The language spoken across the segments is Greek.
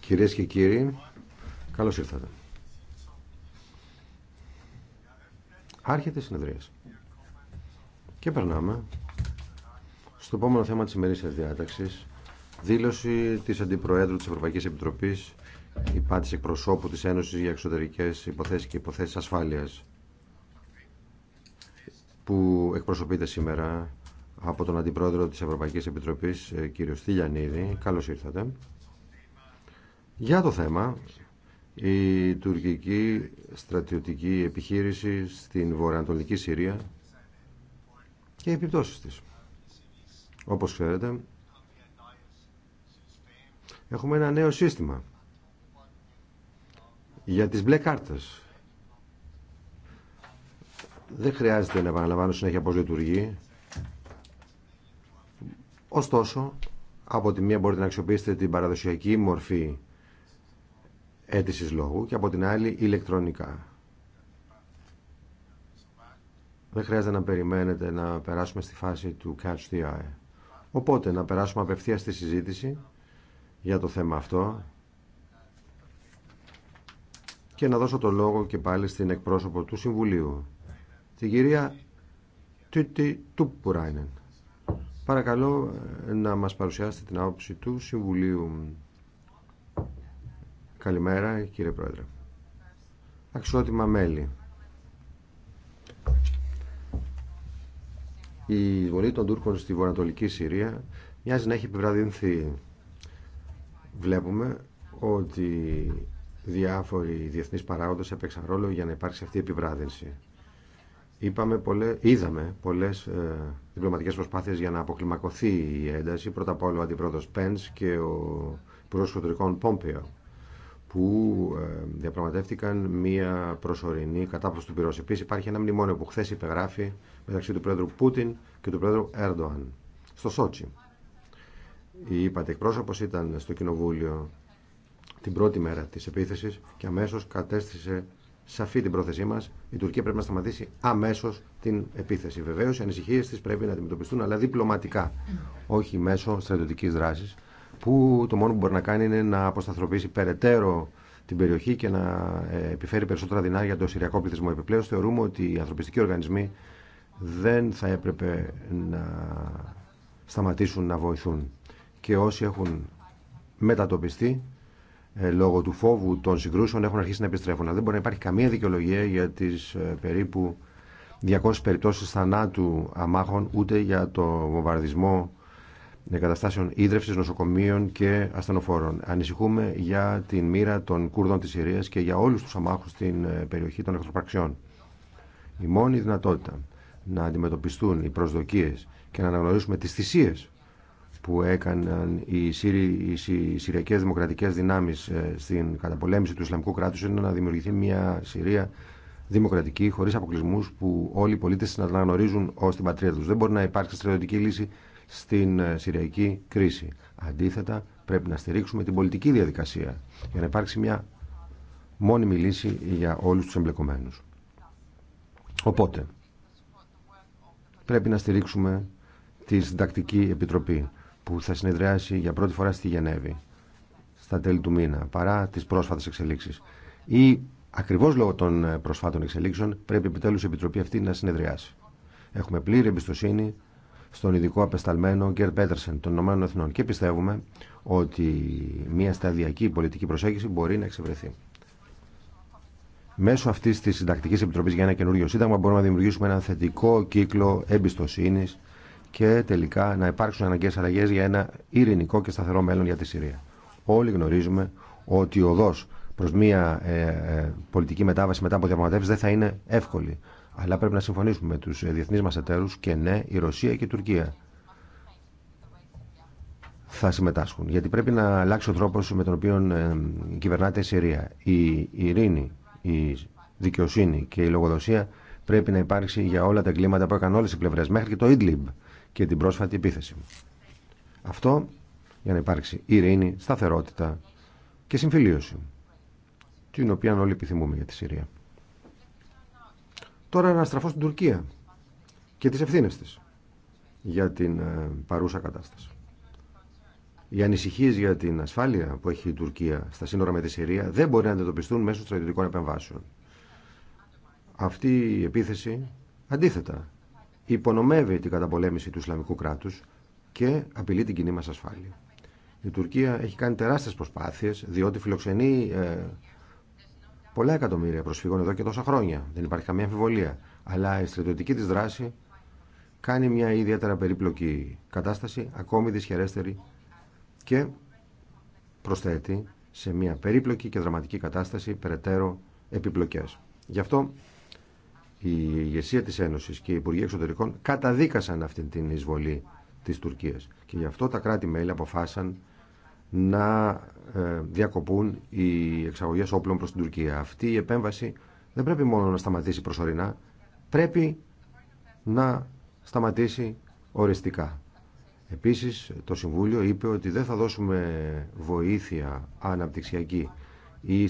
Κυρίες και κύριοι, καλώς ήρθατε. Άρχεται η συνεδρία. Και περνάμε στο επόμενο θέμα της ημερήσιας διάταξης, δήλωση της Αντιπροέδρου της Ευρωπαϊκής Επιτροπής, υπάτηση εκπροσώπου της Ένωσης για Εξωτερικές Υποθέσεις και Υποθέσεις Ασφάλειας, που εκπροσωπείται σήμερα από τον Αντιπρόεδρο της Ευρωπαϊκής Επιτροπής, ε, κύριο Στυλιανίδη. Καλώς ήρθατε. Για το θέμα, η τουρκική στρατιωτική επιχείρηση στην βορειοανατολική Συρία και οι επιπτώσεις της. Όπως ξέρετε, έχουμε ένα νέο σύστημα για τις μπλε κάρτες. Δεν χρειάζεται να επαναλαμβάνω συνέχεια πώς λειτουργεί. Ωστόσο, από τη μία μπορείτε να αξιοποιήσετε την παραδοσιακή μορφή αίτησης λόγου και από την άλλη ηλεκτρονικά. Δεν χρειάζεται να περιμένετε να περάσουμε στη φάση του catch the eye. Οπότε να περάσουμε απευθείας στη συζήτηση για το θέμα αυτό και να δώσω το λόγο και πάλι στην εκπρόσωπο του Συμβουλίου, την κυρία Τούτι Τουπουράινεν. Παρακαλώ ε, να μας παρουσιάσετε την άποψη του Συμβουλίου. Καλημέρα κύριε Πρόεδρε. Αξιότιμα μέλη. Η εισβολή των Τούρκων στη βορειοανατολική Συρία μοιάζει να έχει επιβραδυνθεί. Βλέπουμε ότι διάφοροι διεθνείς παράγοντες έπαιξαν ρόλο για να υπάρξει αυτή η επιβράδυνση. Είπαμε είδαμε πολλέ ε, διπλωματικές προσπάθειες για να αποκλιμακωθεί η ένταση. Πρώτα απ' όλο ο αντιπρόεδρο Πεν και ο υπουργός εσωτερικών Πόμπεο που ε, διαπραγματεύτηκαν μία προσωρινή κατάπτωση του πυρός. Επίση υπάρχει ένα μνημόνιο που χθε υπεγράφει μεταξύ του πρόεδρου Πούτιν και του πρόεδρου Έρντοαν στο Σότσι. Η είπατε ήταν στο κοινοβούλιο την πρώτη μέρα τη επίθεση, και αμέσω κατέστησε σαφή την πρόθεσή μα. Η Τουρκία πρέπει να σταματήσει αμέσω την επίθεση. Βεβαίω, οι ανησυχίε τη πρέπει να αντιμετωπιστούν, αλλά διπλωματικά, όχι μέσω στρατιωτική δράση, που το μόνο που μπορεί να κάνει είναι να αποσταθροποιήσει περαιτέρω την περιοχή και να ε, επιφέρει περισσότερα δυνάρια για το συριακό πληθυσμό. Επιπλέον, θεωρούμε ότι οι ανθρωπιστικοί οργανισμοί δεν θα έπρεπε να σταματήσουν να βοηθούν. Και όσοι έχουν μετατοπιστεί ε, λόγω του φόβου των συγκρούσεων έχουν αρχίσει να επιστρέφουν. Αλλά δεν μπορεί να υπάρχει καμία δικαιολογία για τις ε, περίπου 200 περιπτώσεις θανάτου αμάχων ούτε για το βομβαρδισμό εγκαταστάσεων ίδρυυση νοσοκομείων και ασθενοφόρων. Ανησυχούμε για την μοίρα των Κούρδων της Συρίας και για όλους τους αμάχους στην ε, περιοχή των εχθροπραξιών. Η μόνη δυνατότητα να αντιμετωπιστούν οι προσδοκίε και να αναγνωρίσουμε τι θυσίε που έκαναν οι, Σύρι, οι Συριακές Δημοκρατικές Δυνάμεις ε, στην καταπολέμηση του Ισλαμικού κράτους είναι να δημιουργηθεί μια Συρία δημοκρατική, χωρίς αποκλεισμούς που όλοι οι πολίτες να αναγνωρίζουν ως την πατρίδα τους. Δεν μπορεί να υπάρξει στρατιωτική λύση στην ε, Συριακή κρίση. Αντίθετα, πρέπει να στηρίξουμε την πολιτική διαδικασία για να υπάρξει μια μόνιμη λύση για όλους τους εμπλεκομένους. Οπότε, πρέπει να στηρίξουμε τη Συντακτική Επιτροπή που θα συνεδριάσει για πρώτη φορά στη Γενέβη στα τέλη του μήνα, παρά τις πρόσφατες εξελίξεις. Ή ακριβώς λόγω των ε, προσφάτων εξελίξεων πρέπει επιτέλους η Επιτροπή αυτή να συνεδριάσει. Έχουμε πλήρη εμπιστοσύνη στον ειδικό απεσταλμένο Γκέρ Πέτερσεν των Ηνωμένων Εθνών και πιστεύουμε ότι μια σταδιακή πολιτική προσέγγιση μπορεί να εξευρεθεί. Μέσω αυτή τη Συντακτική Επιτροπή για ένα καινούριο Σύνταγμα μπορούμε να δημιουργήσουμε ένα θετικό κύκλο εμπιστοσύνη και τελικά να υπάρξουν αναγκαίες αλλαγές για ένα ειρηνικό και σταθερό μέλλον για τη Συρία. Όλοι γνωρίζουμε ότι ο οδός προς μια ε, ε, πολιτική μετάβαση μετά από διαπραγματεύσεις δεν θα είναι εύκολη. Αλλά πρέπει να συμφωνήσουμε με τους ε, διεθνείς μας εταίρους και ναι, η Ρωσία και η Τουρκία θα συμμετάσχουν. Γιατί πρέπει να αλλάξει ο τρόπος με τον οποίο κυβερνάται η Συρία. Η ειρήνη, η δικαιοσύνη και η λογοδοσία πρέπει να υπάρξει για όλα τα εγκλήματα που έκαναν όλες οι πλευρές. Μέχρι και το Ιντλιμπ και την πρόσφατη επίθεση. Αυτό για να υπάρξει ειρήνη, σταθερότητα και συμφιλίωση, την οποία όλοι επιθυμούμε για τη Συρία. Τώρα να στραφώ στην Τουρκία και τις ευθύνε της για την ε, παρούσα κατάσταση. Οι ανησυχίε για την ασφάλεια που έχει η Τουρκία στα σύνορα με τη Συρία δεν μπορεί να αντιμετωπιστούν μέσω στρατιωτικών επεμβάσεων. Αυτή η επίθεση, αντίθετα, υπονομεύει την καταπολέμηση του Ισλαμικού κράτους και απειλεί την κοινή μας ασφάλεια. Η Τουρκία έχει κάνει τεράστιες προσπάθειες διότι φιλοξενεί ε, πολλά εκατομμύρια προσφύγων εδώ και τόσα χρόνια. Δεν υπάρχει καμία αμφιβολία. Αλλά η στρατιωτική της δράση κάνει μια ιδιαίτερα περίπλοκη κατάσταση, ακόμη δυσχερέστερη και προσθέτει σε μια περίπλοκη και δραματική κατάσταση περαιτέρω επιπλοκές. Γι' αυτό η ηγεσία της Ένωσης και οι Υπουργοί Εξωτερικών καταδίκασαν αυτή την εισβολή της Τουρκίας. Και γι' αυτό τα κράτη-μέλη αποφάσαν να ε, διακοπούν οι εξαγωγές όπλων προς την Τουρκία. Αυτή η επέμβαση δεν πρέπει μόνο να σταματήσει προσωρινά, πρέπει να σταματήσει οριστικά. Επίσης το Συμβούλιο είπε ότι δεν θα δώσουμε βοήθεια αναπτυξιακή ή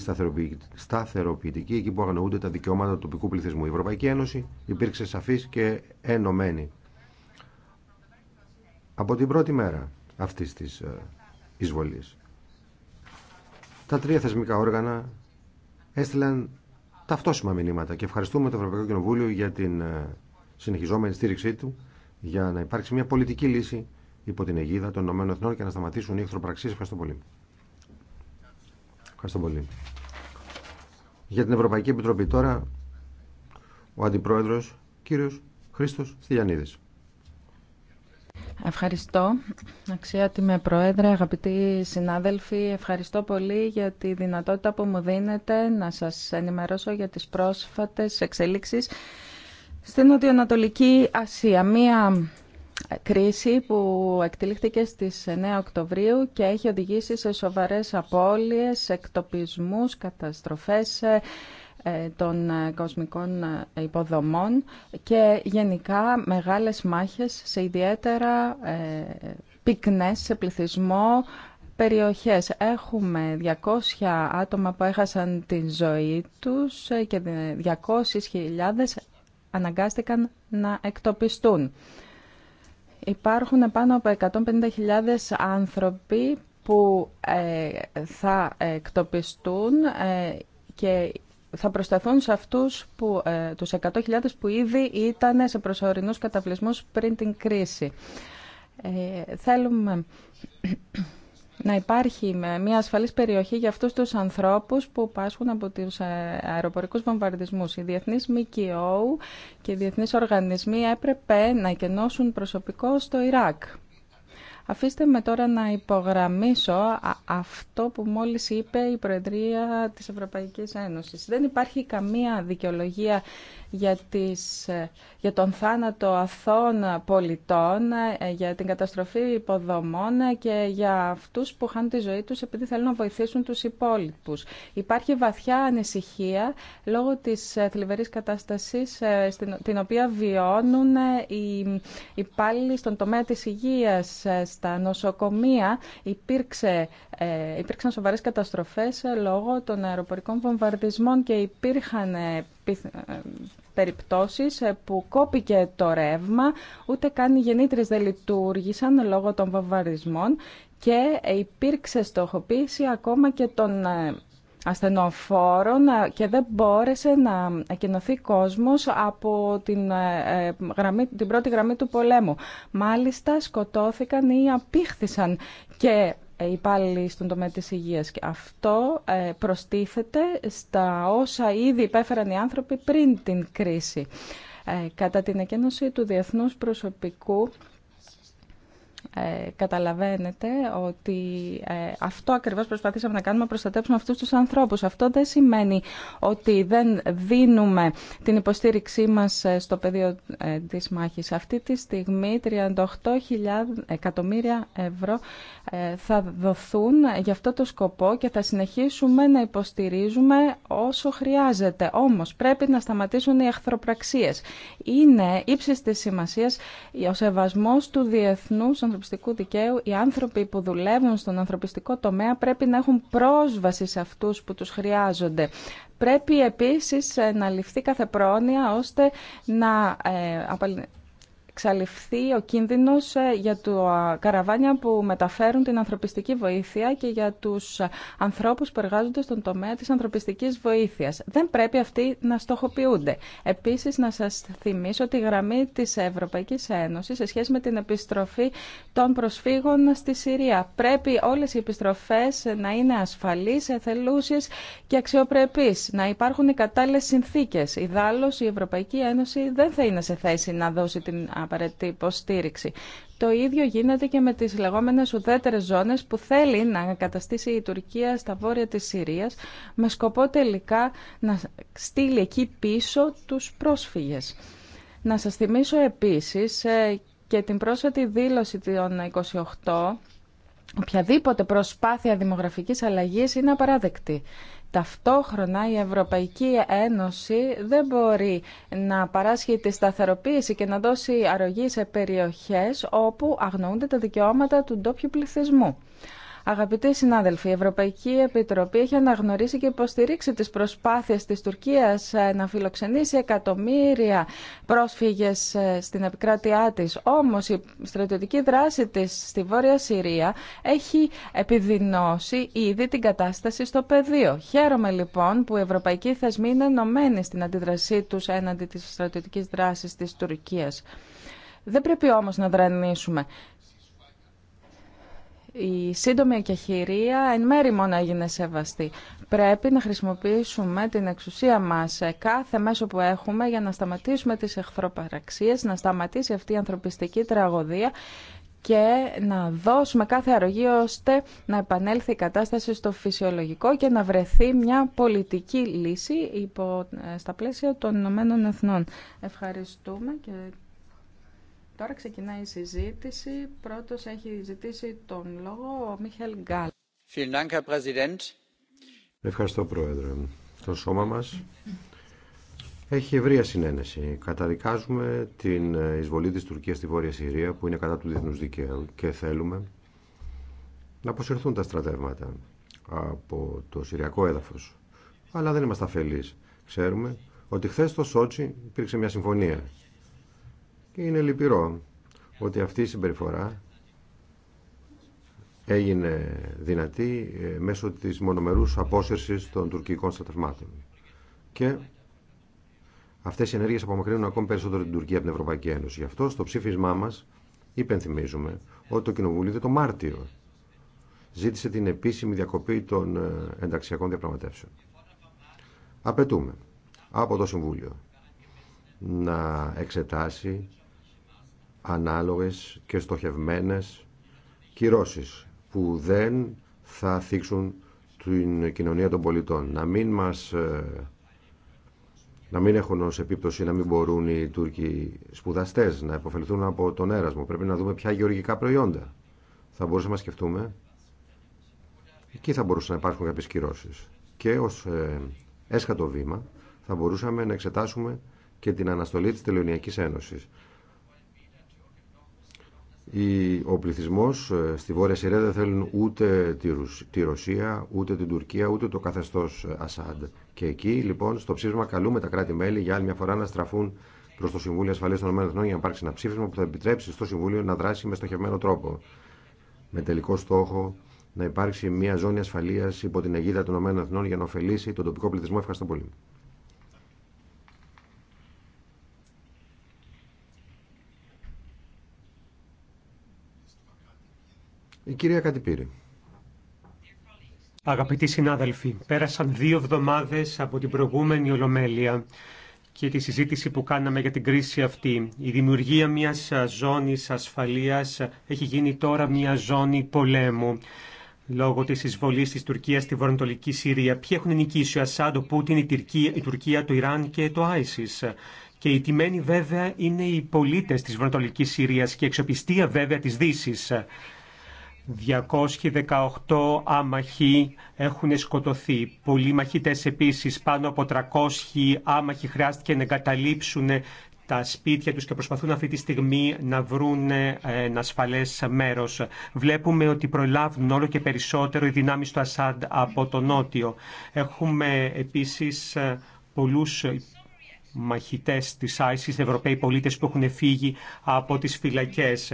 σταθεροποιητική εκεί που αγνοούνται τα δικαιώματα του τοπικού πληθυσμού. Η Ευρωπαϊκή Ένωση υπήρξε σαφής και ενωμένη από την πρώτη μέρα αυτής της ε, εισβολής. Τα τρία θεσμικά όργανα έστειλαν ταυτόσιμα μηνύματα και ευχαριστούμε το Ευρωπαϊκό Κοινοβούλιο για την ε, συνεχιζόμενη στήριξή του για να υπάρξει μια πολιτική λύση υπό την αιγίδα των ΗΠΑ και να σταματήσουν οι εχθροπραξίες. Ευχαριστώ πολύ. Ευχαριστώ πολύ. Για την Ευρωπαϊκή Επιτροπή τώρα ο Αντιπρόεδρος κύριος Χρήστος Στυλιανίδης. Ευχαριστώ. Αξιότιμε Πρόεδρε, αγαπητοί συνάδελφοι, ευχαριστώ πολύ για τη δυνατότητα που μου δίνετε να σας ενημερώσω για τις πρόσφατες εξελίξεις στην Νοτιοανατολική Ασία. Μία κρίση που εκτελήχθηκε στις 9 Οκτωβρίου και έχει οδηγήσει σε σοβαρές απώλειες, εκτοπισμούς, καταστροφές ε, ε, των ε, κοσμικών υποδομών και γενικά μεγάλες μάχες σε ιδιαίτερα πυκνές σε πληθυσμό περιοχές. Έχουμε 200 άτομα που έχασαν τη ζωή τους και 200.000 αναγκάστηκαν να εκτοπιστούν. Υπάρχουν πάνω από 150.000 άνθρωποι που ε, θα εκτοπιστούν ε, και θα προσταθούν σε αυτούς που, ε, τους 100.000 που ήδη ήταν σε προσωρινούς καταβλισμούς πριν την κρίση. θέλουμε να υπάρχει μια ασφαλής περιοχή για αυτούς τους ανθρώπους που πάσχουν από τους ε, αεροπορικούς βομβαρδισμούς. Οι διεθνείς ΜΚΟ και οι διεθνείς οργανισμοί έπρεπε να εκενώσουν προσωπικό στο Ιράκ. Αφήστε με τώρα να υπογραμμίσω αυτό που μόλις είπε η Προεδρία της Ευρωπαϊκής Ένωσης. Δεν υπάρχει καμία δικαιολογία για, τις, ε, για τον θάνατο αθών πολιτών, ε, για την καταστροφή υποδομών ε, και για αυτούς που χάνουν τη ζωή τους επειδή θέλουν να βοηθήσουν τους υπόλοιπους. Υπάρχει βαθιά ανησυχία λόγω της θλιβερής κατάστασης την οποία βιώνουν οι υπάλληλοι στον τομέα της υγείας, στα νοσοκομεία. Υπήρξε, υπήρξαν σοβαρές καταστροφές λόγω των αεροπορικών βομβαρδισμών και υπήρχαν περιπτώσεις ε, που κόπηκε το ρεύμα, ούτε καν οι γεννήτρες δεν λειτουργήσαν λόγω των βαβαρισμών και υπήρξε στοχοποίηση ακόμα και των ε, ασθενοφόρων ε, και δεν μπόρεσε να ακοινωθεί κόσμος από την, γραμμή, την πρώτη γραμμή του πολέμου. Μάλιστα σκοτώθηκαν ή απήχθησαν και υπάλληλοι στον τομέα της υγείας. Και αυτό ε, προστίθεται στα όσα ήδη υπέφεραν οι άνθρωποι πριν την κρίση. Ε, κατά την εκένωση του διεθνούς προσωπικού ε, καταλαβαίνετε ότι ε, αυτό ακριβώς προσπαθήσαμε να κάνουμε, προστατέψουμε αυτούς τους ανθρώπους. Αυτό δεν σημαίνει ότι δεν δίνουμε την υποστήριξή μας ε, στο πεδίο ε, της μάχης. Αυτή τη στιγμή 38.000 εκατομμύρια ευρώ θα δοθούν για αυτό το σκοπό και θα συνεχίσουμε να υποστηρίζουμε όσο χρειάζεται. Όμως πρέπει να σταματήσουν οι εχθροπραξίες. Είναι ύψης της σημασίας ο σεβασμός του διεθνούς ανθρωπιστικού δικαίου, οι άνθρωποι που δουλεύουν στον ανθρωπιστικό τομέα πρέπει να έχουν πρόσβαση σε αυτούς που τους χρειάζονται. Πρέπει επίσης να ληφθεί κάθε πρόνοια ώστε να ε, εξαλειφθεί ο κίνδυνος ε, για τα καραβάνια που μεταφέρουν την ανθρωπιστική βοήθεια και για τους ανθρώπους που εργάζονται στον τομέα της ανθρωπιστικής βοήθειας. Δεν πρέπει αυτοί να στοχοποιούνται. Επίσης, να σας θυμίσω η γραμμή της Ευρωπαϊκής Ένωσης σε σχέση με την επιστροφή των προσφύγων στη Συρία. Πρέπει όλες οι επιστροφές να είναι ασφαλείς, εθελούσιες και αξιοπρεπείς, να υπάρχουν οι κατάλληλες συνθήκες. Ιδάλλως, η Ευρωπαϊκή Ένωση δεν θα είναι σε θέση να δώσει την απαραίτητη Το ίδιο γίνεται και με τις λεγόμενες ουδέτερες ζώνες που θέλει να καταστήσει η Τουρκία στα βόρεια τη Συρίας με σκοπό τελικά να στείλει εκεί πίσω τους πρόσφυγες. Να σα θυμίσω επίσης ε, και την πρόσφατη δήλωση των 28 Οποιαδήποτε προσπάθεια δημογραφικής αλλαγής είναι απαράδεκτη. Ταυτόχρονα η Ευρωπαϊκή Ένωση δεν μπορεί να παράσχει τη σταθεροποίηση και να δώσει αρρωγή σε περιοχές όπου αγνοούνται τα δικαιώματα του ντόπιου πληθυσμού. Αγαπητοί συνάδελφοι, η Ευρωπαϊκή Επιτροπή έχει αναγνωρίσει και υποστηρίξει τις προσπάθειες της Τουρκίας ε, να φιλοξενήσει εκατομμύρια πρόσφυγες ε, στην επικράτειά της. Όμως η στρατιωτική δράση της στη Βόρεια Συρία έχει επιδεινώσει ήδη την κατάσταση στο πεδίο. Χαίρομαι λοιπόν που οι ευρωπαϊκοί θεσμοί είναι ενωμένοι στην αντίδρασή τους έναντι της στρατιωτικής δράσης της Τουρκίας. Δεν πρέπει όμως να δρανίσουμε. Η σύντομη εκεχηρία εν μέρη μόνο έγινε σεβαστή. Πρέπει να χρησιμοποιήσουμε την εξουσία μας σε κάθε μέσο που έχουμε για να σταματήσουμε τις εχθροπαραξίες, να σταματήσει αυτή η ανθρωπιστική τραγωδία και να δώσουμε κάθε αρρωγή ώστε να επανέλθει η κατάσταση στο φυσιολογικό και να βρεθεί μια πολιτική λύση υπό, ε, στα πλαίσια των Ηνωμένων Εθνών. Ευχαριστούμε και Τώρα ξεκινάει η συζήτηση. Πρώτος έχει ζητήσει τον λόγο ο Μίχελ Γκάλ. Ευχαριστώ, Πρόεδρε. Το σώμα μας έχει ευρεία συνένεση. Καταδικάζουμε την εισβολή της Τουρκίας στη Βόρεια Συρία που είναι κατά του διεθνούς δικαίου και θέλουμε να αποσυρθούν τα στρατεύματα από το συριακό έδαφος. Αλλά δεν είμαστε αφελείς. Ξέρουμε ότι χθε στο Σότσι υπήρξε μια συμφωνία και είναι λυπηρό ότι αυτή η συμπεριφορά έγινε δυνατή ε, μέσω της μονομερούς απόσυρσης των τουρκικών στρατευμάτων. Και αυτές οι ενέργειες απομακρύνουν ακόμη περισσότερο την Τουρκία από την Ευρωπαϊκή Ένωση. Γι' αυτό στο ψήφισμά μας υπενθυμίζουμε ότι το Κοινοβούλιο το Μάρτιο ζήτησε την επίσημη διακοπή των ε, ενταξιακών διαπραγματεύσεων. Απαιτούμε από το Συμβούλιο να εξετάσει ανάλογες και στοχευμένες κυρώσεις που δεν θα θίξουν την κοινωνία των πολιτών. Να μην, μας, ε, να μην έχουν ως επίπτωση να μην μπορούν οι Τούρκοι σπουδαστές να υποφελθούν από τον έρασμο. Πρέπει να δούμε ποια γεωργικά προϊόντα θα μπορούσαμε να σκεφτούμε. Εκεί θα μπορούσαν να υπάρχουν κάποιες κυρώσεις. Και ως ε, έσχατο βήμα θα μπορούσαμε να εξετάσουμε και την αναστολή της Τελωνιακής Ένωσης ο πληθυσμό ε, στη Βόρεια Συρία δεν θέλουν ούτε τη Ρωσία, ούτε την Τουρκία, ούτε το καθεστώ ε, Ασάντ. Και εκεί λοιπόν στο ψήφισμα καλούμε τα κράτη-μέλη για άλλη μια φορά να στραφούν προ το Συμβούλιο Ασφαλεία των ΗΠΑ για να υπάρξει ένα ψήφισμα που θα επιτρέψει στο Συμβούλιο να δράσει με στοχευμένο τρόπο. Με τελικό στόχο να υπάρξει μια ζώνη ασφαλεία υπό την αιγύδα των ΗΠΑ για να ωφελήσει τον τοπικό πληθυσμό. Ευχαριστώ πολύ. Η κυρία Κατυπήρη. Αγαπητοί συνάδελφοι, πέρασαν δύο εβδομάδες από την προηγούμενη Ολομέλεια και τη συζήτηση που κάναμε για την κρίση αυτή. Η δημιουργία μιας ζώνης ασφαλείας έχει γίνει τώρα μια ζώνη πολέμου λόγω της εισβολής της Τουρκίας στη βορειοανατολική Συρία. Ποιοι έχουν νικήσει ο Ασάντο, Πούτιν, η Τουρκία, η Τουρκία, το Ιράν και το Άισις. Και οι τιμένοι βέβαια είναι οι πολίτες της βορειοανατολική συρία και η εξοπιστία βέβαια τη δύση. 218 άμαχοι έχουν σκοτωθεί. Πολλοί μαχητές επίσης, πάνω από 300 άμαχοι χρειάστηκε να εγκαταλείψουν τα σπίτια τους και προσπαθούν αυτή τη στιγμή να βρουν ε, ένα ασφαλές μέρος. Βλέπουμε ότι προλάβουν όλο και περισσότερο οι δυνάμεις του Ασάντ από το νότιο. Έχουμε επίσης ε, πολλούς μαχητές της ISIS, Ευρωπαίοι πολίτες που έχουν φύγει από τις φυλακές.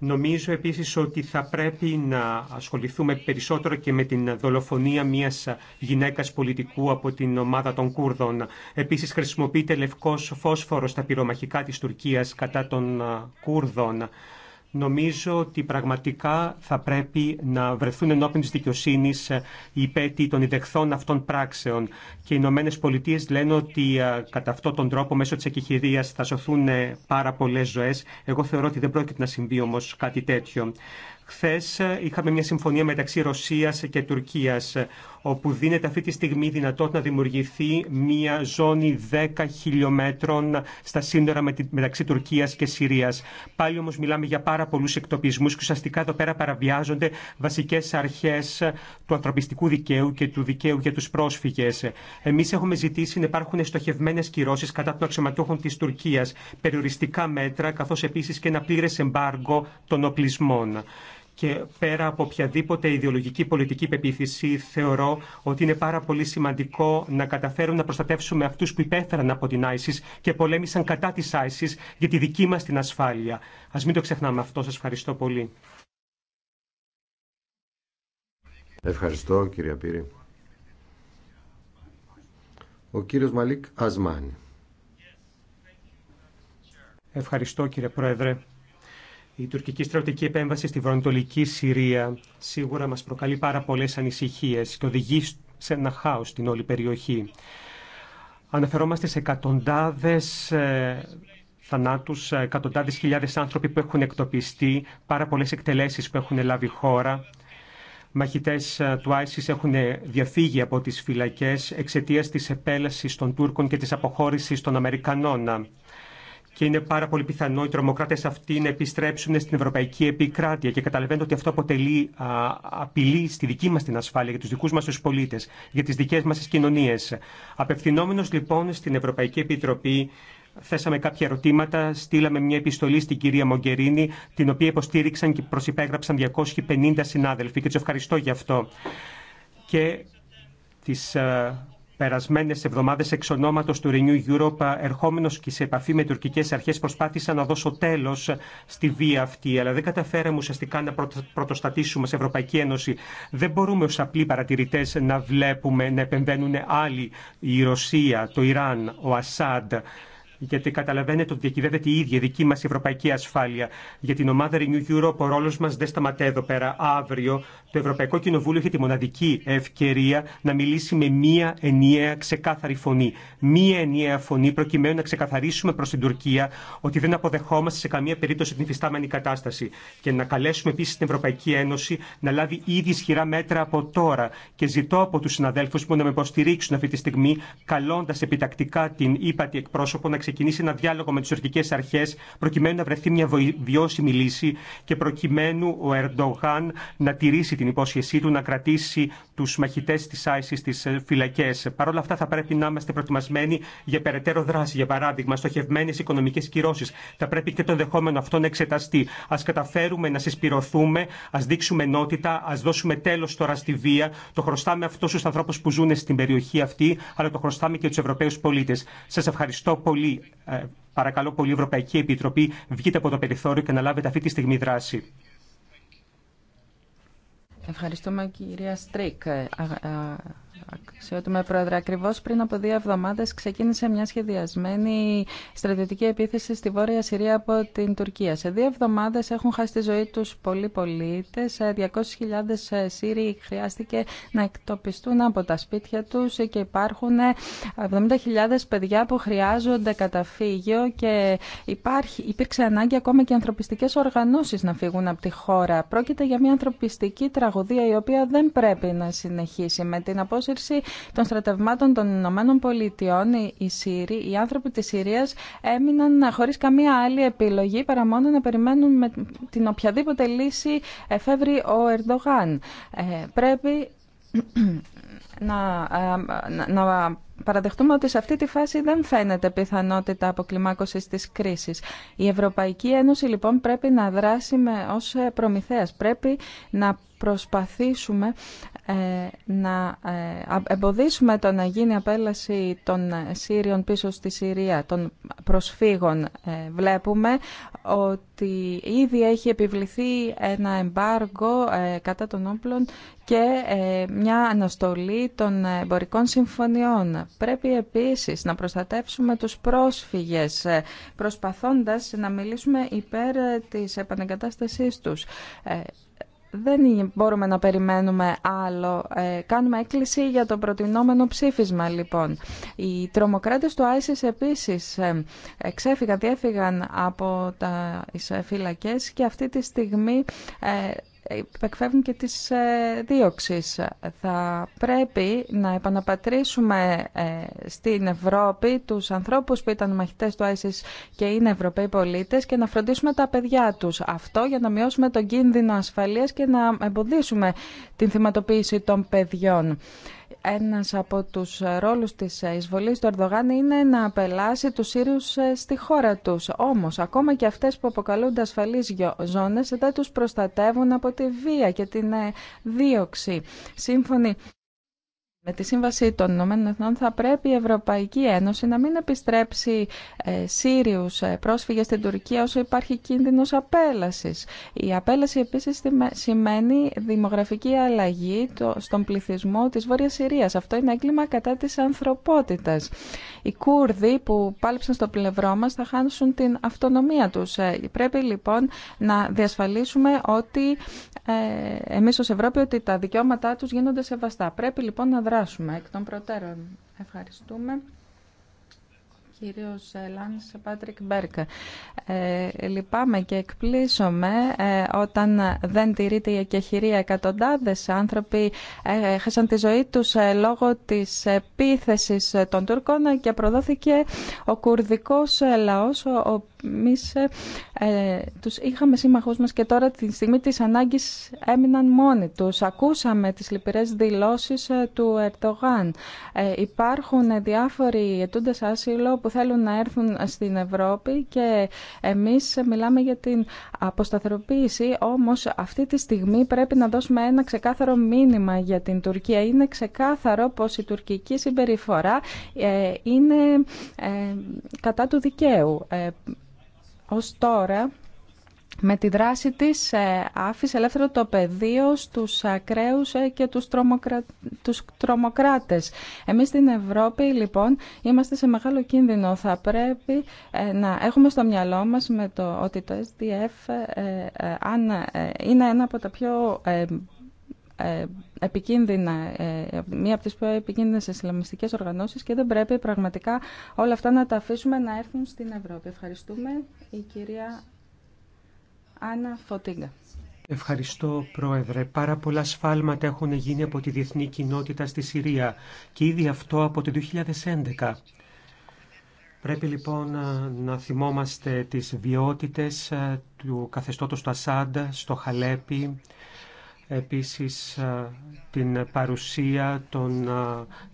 Νομίζω επίσης ότι θα πρέπει να ασχοληθούμε περισσότερο και με την δολοφονία μιας γυναίκας πολιτικού από την ομάδα των Κούρδων. Επίσης χρησιμοποιείται λευκός φόσφορος στα πυρομαχικά της Τουρκίας κατά των Κούρδων. Νομίζω ότι πραγματικά θα πρέπει να βρεθούν ενώπιν τη δικαιοσύνη ε, οι υπέτη των ιδεχθών αυτών πράξεων. Και οι Ηνωμένε Πολιτείε λένε ότι ε, κατά αυτόν τον τρόπο, μέσω της εκεχηρία, θα σωθούν ε, πάρα πολλέ ζωέ. Εγώ θεωρώ ότι δεν πρόκειται να συμβεί όμω κάτι τέτοιο. Χθε ε, είχαμε μια συμφωνία μεταξύ Ρωσία και Τουρκία, ε, όπου δίνεται αυτή τη στιγμή δυνατότητα να δημιουργηθεί μια ζώνη 10 χιλιόμετρων στα σύνορα μεταξύ Τουρκία και Συρία. Πάλι όμω μιλάμε για πάρα πολλού εκτοπισμού και ουσιαστικά εδώ πέρα παραβιάζονται βασικέ αρχέ ε, του ανθρωπιστικού δικαίου και του δικαίου για του πρόσφυγε. Εμεί έχουμε ζητήσει να υπάρχουν στοχευμένε κυρώσει κατά των αξιωματούχων τη Τουρκία, περιοριστικά μέτρα, καθώ επίση και ένα πλήρε εμπάργκο των οπλισμών και πέρα από οποιαδήποτε ιδεολογική πολιτική πεποίθηση θεωρώ ότι είναι πάρα πολύ σημαντικό να καταφέρουμε να προστατεύσουμε αυτούς που υπέφεραν από την ISIS και πολέμησαν κατά της ISIS για τη δική μας την ασφάλεια. Ας μην το ξεχνάμε αυτό. Σας ευχαριστώ πολύ. Ευχαριστώ κύριε Πύρη. Ο κύριος Μαλίκ Ασμάνη. Ευχαριστώ κύριε Πρόεδρε. Η τουρκική στρατιωτική επέμβαση στη βορειοανατολική Συρία σίγουρα μας προκαλεί πάρα πολλέ ανησυχίες και οδηγεί σε ένα χάος στην όλη περιοχή. Αναφερόμαστε σε εκατοντάδες ε, θανάτους, ε, εκατοντάδες χιλιάδες άνθρωποι που έχουν εκτοπιστεί, πάρα πολλέ εκτελέσεις που έχουν λάβει χώρα. Μαχητές ε, του ISIS έχουν διαφύγει από τι φυλακές εξαιτία τη επέλαση των Τούρκων και τη αποχώρηση των Αμερικανών και είναι πάρα πολύ πιθανό οι τρομοκράτε αυτοί να επιστρέψουν στην ευρωπαϊκή επικράτεια. Και καταλαβαίνετε ότι αυτό αποτελεί απειλή στη δική μα την ασφάλεια, για του δικού μα του πολίτε, για τι δικέ μα τι κοινωνίε. Απευθυνόμενο λοιπόν στην Ευρωπαϊκή Επιτροπή, θέσαμε κάποια ερωτήματα, στείλαμε μια επιστολή στην κυρία Μογκερίνη, την οποία υποστήριξαν και προσυπέγραψαν 250 συνάδελφοι και του ευχαριστώ για αυτό. Και περασμένε εβδομάδε εξ ονόματο του Renew Europe, ερχόμενο και σε επαφή με τουρκικέ αρχέ, προσπάθησα να δώσω τέλο στη βία αυτή. Αλλά δεν καταφέραμε ουσιαστικά να πρωτοστατήσουμε σε Ευρωπαϊκή Ένωση. Δεν μπορούμε ω απλοί παρατηρητέ να βλέπουμε να επεμβαίνουν άλλοι, η Ρωσία, το Ιράν, ο Ασάντ, γιατί καταλαβαίνετε ότι διακυβεύεται η ίδια δική μα ευρωπαϊκή ασφάλεια. Για την ομάδα Renew Europe ο ρόλο μα δεν σταματάει εδώ πέρα. Αύριο το Ευρωπαϊκό Κοινοβούλιο έχει τη μοναδική ευκαιρία να μιλήσει με μία ενιαία ξεκάθαρη φωνή. Μία ενιαία φωνή προκειμένου να ξεκαθαρίσουμε προ την Τουρκία ότι δεν αποδεχόμαστε σε καμία περίπτωση την υφιστάμενη κατάσταση. Και να καλέσουμε επίση την Ευρωπαϊκή Ένωση να λάβει ήδη ισχυρά μέτρα από τώρα. Και ζητώ από του συναδέλφου μου να με υποστηρίξουν αυτή τη στιγμή, καλώντα επιτακτικά την ύπατη εκπρόσωπο να ξεκινήσει ένα διάλογο με τι τουρκικέ αρχέ προκειμένου να βρεθεί μια βιώσιμη λύση και προκειμένου ο Ερντογάν να τηρήσει την υπόσχεσή του να κρατήσει του μαχητέ τη Άιση στι ε, φυλακέ. Παρ' όλα αυτά θα πρέπει να είμαστε προετοιμασμένοι για περαιτέρω δράση. Για παράδειγμα, στοχευμένε οικονομικέ κυρώσει. Θα πρέπει και το ενδεχόμενο αυτό να εξεταστεί. Α καταφέρουμε να συσπηρωθούμε, α δείξουμε ενότητα, α δώσουμε τέλο τώρα στη βία. Το χρωστάμε αυτό στου ανθρώπου που ζουν στην περιοχή αυτή, αλλά το χρωστάμε και του Ευρωπαίου πολίτε. Σα ευχαριστώ πολύ ε, παρακαλώ πολύ, Ευρωπαϊκή Επιτροπή, βγείτε από το περιθώριο και να λάβετε αυτή τη στιγμή δράση. Ευχαριστούμε κυρία Στρίκ. Ε, Αξιότιμε Πρόεδρε, ακριβώ πριν από δύο εβδομάδε ξεκίνησε μια σχεδιασμένη στρατιωτική επίθεση στη Βόρεια Συρία από την Τουρκία. Σε δύο εβδομάδε έχουν χάσει τη ζωή του πολλοί πολίτε. 200.000 ε, ε, Σύριοι χρειάστηκε να εκτοπιστούν από τα σπίτια του και υπάρχουν 70.000 ε, παιδιά που χρειάζονται καταφύγιο και υπάρχει, υπήρξε ανάγκη ακόμα και ανθρωπιστικέ οργανώσει να φύγουν από τη χώρα. Πρόκειται για μια ανθρωπιστική τραγωδία η οποία δεν πρέπει να συνεχίσει με την απόσυρση των στρατευμάτων των Ηνωμένων Πολιτειών, οι, Σύριοι, οι άνθρωποι της Συρίας έμειναν χωρίς καμία άλλη επιλογή παρά μόνο να περιμένουν με την οποιαδήποτε λύση εφεύρει ο Ερντογάν. Ε, πρέπει να, ε, να, να παραδεχτούμε ότι σε αυτή τη φάση δεν φαίνεται πιθανότητα αποκλιμάκωσης της κρίσης. Η Ευρωπαϊκή Ένωση λοιπόν πρέπει να δράσει με, ως ε, προμηθέας. Πρέπει να προσπαθήσουμε ε, να ε, εμποδίσουμε το να γίνει απέλαση των Σύριων πίσω στη Συρία, των προσφύγων. βλέπουμε ότι ήδη έχει επιβληθεί ένα εμπάργο κατά των όπλων και μια αναστολή των εμπορικών συμφωνιών. Πρέπει επίσης να προστατεύσουμε τους πρόσφυγες, ε, προσπαθώντας να μιλήσουμε υπέρ ε, της επανεγκατάστασής τους. Ε, δεν μπορούμε να περιμένουμε άλλο. Κάνουμε έκκληση για το προτινόμενο ψήφισμα, λοιπόν. Οι τρομοκράτες του ISIS επίσης ξέφυγαν, διέφυγαν από τα φυλακές και αυτή τη στιγμή υπεκφεύγουν και της ε, δίωξης. Θα πρέπει να επαναπατρίσουμε ε, στην Ευρώπη τους ανθρώπους που ήταν μαχητές του ISIS και είναι Ευρωπαίοι πολίτες και να φροντίσουμε τα παιδιά τους. Αυτό για να μειώσουμε τον κίνδυνο ασφαλείας και να εμποδίσουμε την θυματοποίηση των παιδιών ένας από τους ρόλους της εισβολής του Ερδογάν είναι να απελάσει τους Σύριους ε, στη χώρα τους. Όμως, ακόμα και αυτές που αποκαλούνται ασφαλείς ζώνες δεν τους προστατεύουν από τη βία και την ε, δίωξη. σύμφωνη με τη Σύμβαση των Ηνωμένων Εθνών θα πρέπει η Ευρωπαϊκή Ένωση να μην επιστρέψει ε, Σύριους ε, πρόσφυγες στην Τουρκία όσο υπάρχει κίνδυνος απέλασης. Η απέλαση επίσης σημαίνει δημογραφική αλλαγή στον πληθυσμό της Βόρειας Συρίας. Αυτό είναι έγκλημα κατά της ανθρωπότητας. Οι Κούρδοι που πάλεψαν στο πλευρό μας θα χάνουν την αυτονομία τους. Ε, πρέπει λοιπόν να διασφαλίσουμε ότι ε, εμείς ως Ευρώπη ότι τα δικαιώματά τους γίνονται σεβαστά. Πρέπει λοιπόν να περάσουμε εκ των προτέρων. Ευχαριστούμε. Κύριος ε, Λάνης Πάτρικ Μπέρκ. Ε, λυπάμαι και εκπλήσωμαι ε, όταν δεν τηρείται η εκεχηρία. Εκατοντάδες άνθρωποι ε, έχασαν τη ζωή τους λόγω της επίθεσης των Τούρκων και προδόθηκε ο κουρδικός λαός, ο εμείς ε, ε, τους είχαμε σύμμαχούς μας και τώρα τη στιγμή της ανάγκης έμειναν μόνοι τους. Ακούσαμε τις λυπηρές δηλώσεις ε, του Ερτογάν. Ε, υπάρχουν διάφοροι ετούντες άσυλο που θέλουν να έρθουν στην Ευρώπη και εμείς μιλάμε για την αποσταθεροποίηση, όμως αυτή τη στιγμή πρέπει να δώσουμε ένα ξεκάθαρο μήνυμα για την Τουρκία. Είναι ξεκάθαρο πως η τουρκική συμπεριφορά είναι κατά του δικαίου. Ως τώρα, με τη δράση της ε, άφησε ελεύθερο το πεδίο στους ακραίους ε, και τους, τρομοκρα... τους τρομοκράτες. Εμείς στην Ευρώπη λοιπόν είμαστε σε μεγάλο κίνδυνο. Θα πρέπει ε, να έχουμε στο μυαλό μας με το ότι το SDF αν είναι ένα από τα πιο ε, επικίνδυνα, ε, μία από τις πιο επικίνδυνες οργανώσεις και δεν πρέπει πραγματικά όλα αυτά να τα αφήσουμε να έρθουν στην Ευρώπη. Ευχαριστούμε η κυρία Άννα Φωτίγκα. Ευχαριστώ, Πρόεδρε. Πάρα πολλά σφάλματα έχουν γίνει από τη διεθνή κοινότητα στη Συρία και ήδη αυτό από το 2011. Πρέπει λοιπόν ε, να θυμόμαστε τις βιότητες του καθεστώτος του Ασάντα, στο Χαλέπι, επίσης την παρουσία των